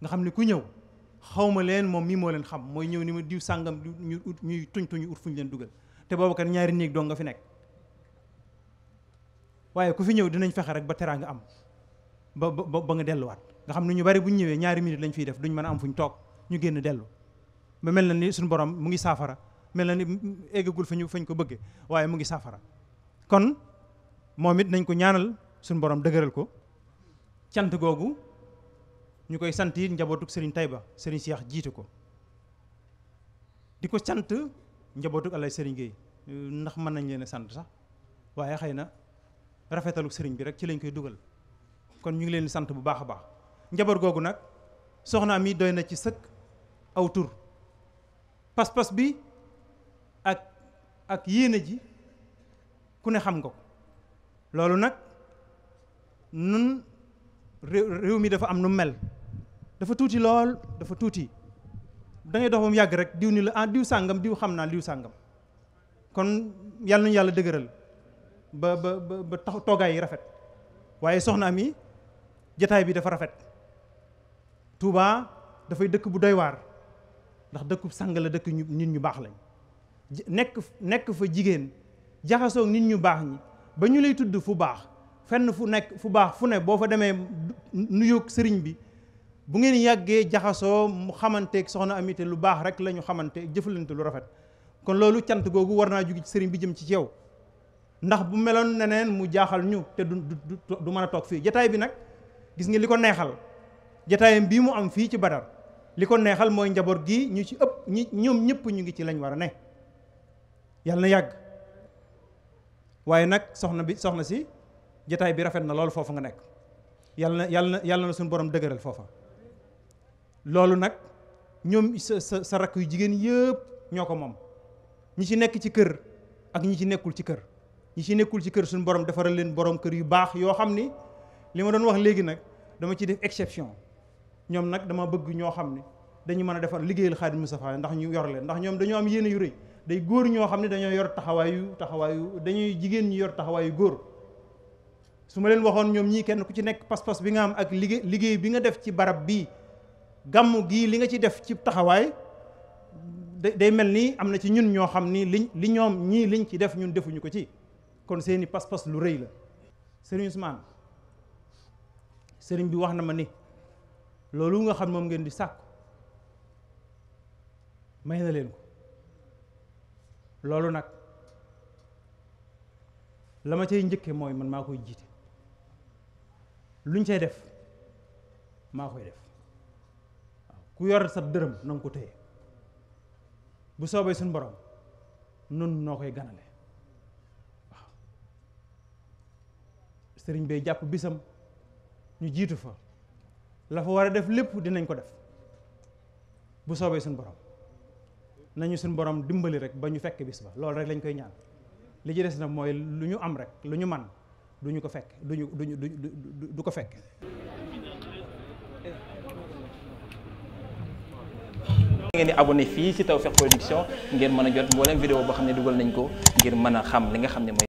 nga xam ne ku ñëw xaw ma leen moom mii moo leen xam mooy ñëw ni ma diw sàngam ñu ut ñuy tuñ tuñu ut fu ñu leen dugal te boobu kat ñaari néeg doo nga fi nekk waaye ku fi ñëw dinañ fexe rek ba teraanga am ba ba ba nga delluwaat nga xam ne ñu bari bu ñu ñëwee ñaari minute lañ fiy def duñ mën a am fuñ toog ñu génn dellu ba mel na ni suñu borom mu ngi saafara mel na ni eggagul fa ñu fañ ko bëggee waaye mu ngi saafara kon moom it nañ ko ñaanal suñu borom dëgëral ko cant googu ñu koy sant it njabootuk Serigne Tayba Serigne Cheikh jiitu ko di ko sant njabootuk Alay sëriñ Gueye ndax mën nañ leen sant sax waaye xëy na rafetalu Serigne bi rek ci lañ koy dugal. kon ñu ngi leen sant bu baax a baax njaboot googu nag soxnaam yi doy na ci sëkk aw tur pas-pas bi ak ak yéene ji ku ne xam nga ko loolu nag nun réew mi dafa am nu mel dafa tuuti lool dafa tuuti da ngay dox ba yàgg rek diw ni la ah diw sàngam diw xam naa diw sàngam kon yàlla nañu yàlla dëgëral ba ba ba tax yi rafet waaye soxnaam yi jataay bi dafa rafet Touba dafay dëkk bu doy waar ndax dëkku sang la dëkk ñu nit ñu baax lañ nekk nekk fa jigéen jaxasoo nit ñu baax ñi ba ñu lay tudd fu baax fenn fu nekk fu baax fu ne boo fa demee nuyoog sëriñ bi bu ngeen yàggee jaxasoo mu xamanteek soxna amité lu baax rek la ñu xamante jëfalante lu rafet kon loolu cant googu war naa jóge ci sëriñ bi jëm ci yow ndax bu meloon neneen mu jaaxal ñu te du du mën a toog fii jataay bi nag gis nga li ko neexal jataayam bii mu am fii ci Badar li ko neexal mooy njaboot gi ñu ci ëpp ñi ñoom ñëpp ñu ngi ci lañ war a ne yàlla na yàgg waaye nag soxna bi soxna si jataay bi rafet na loolu foofu nga nekk yàlla na yàlla na yàlla na suñu borom dëgëral foofa loolu nag ñoom sa sa sa rakk yu jigéen yëpp ñoo ko moom ñu ci nekk ci kër ak ñu ci nekkul ci kër ñi ci nekkul ci kër suñu borom defaral leen borom kër yu baax yoo xam ni li ma doon wax léegi nag dama ci def exception ñoom nag dama bëgg ñoo xam ne dañu mën a defar liggéeyal Xaadim Mustafaa ndax ñu yor leen ndax ñoom dañoo am yéene yu rëy day góor ñoo xam ne dañoo yor taxawaayu taxawaayu dañuy jigéen ñi yor taxawaayu góor su ma leen waxoon ñoom ñii kenn ku ci nekk pas-pas bi nga am ak liggéey liggéey bi nga def ci barab bii gàmmu gii li nga ci def ci taxawaay day mel nii am na ci ñun ñoo xam ni liñ li ñoom ñii liñ ci def ñun defuñu ko ci kon seeni pas lu rëy la Serigne Ousmane sëriñ bi wax na ma ni loolu nga xam moom ngeen di sàkku may na leen ko loolu nag la ma cay njëkke mooy man maa koy jiite luñ cay def maa koy def ku yor sa dërëm na nga ko téye bu soobee suñ boroom nun noo koy ganale waaw sëriñ bee jàpp bisam ñu jiitu fa la fa war a def lépp dinañ ko def bu soobee suñ borom nañu suñ borom dimbali rek ba ñu fekk bis ba loolu rek lañ koy ñaan li ci des nag mooy lu ñu am rek lu ñu man du ñu ko fekk du ñu du du ko fekk. ngeen di abonné fii ci Tawfekh Production ngeen mën a jot mboolem vidéo boo xam ne dugal nañ ko ngir mën a xam li nga xam ne mooy.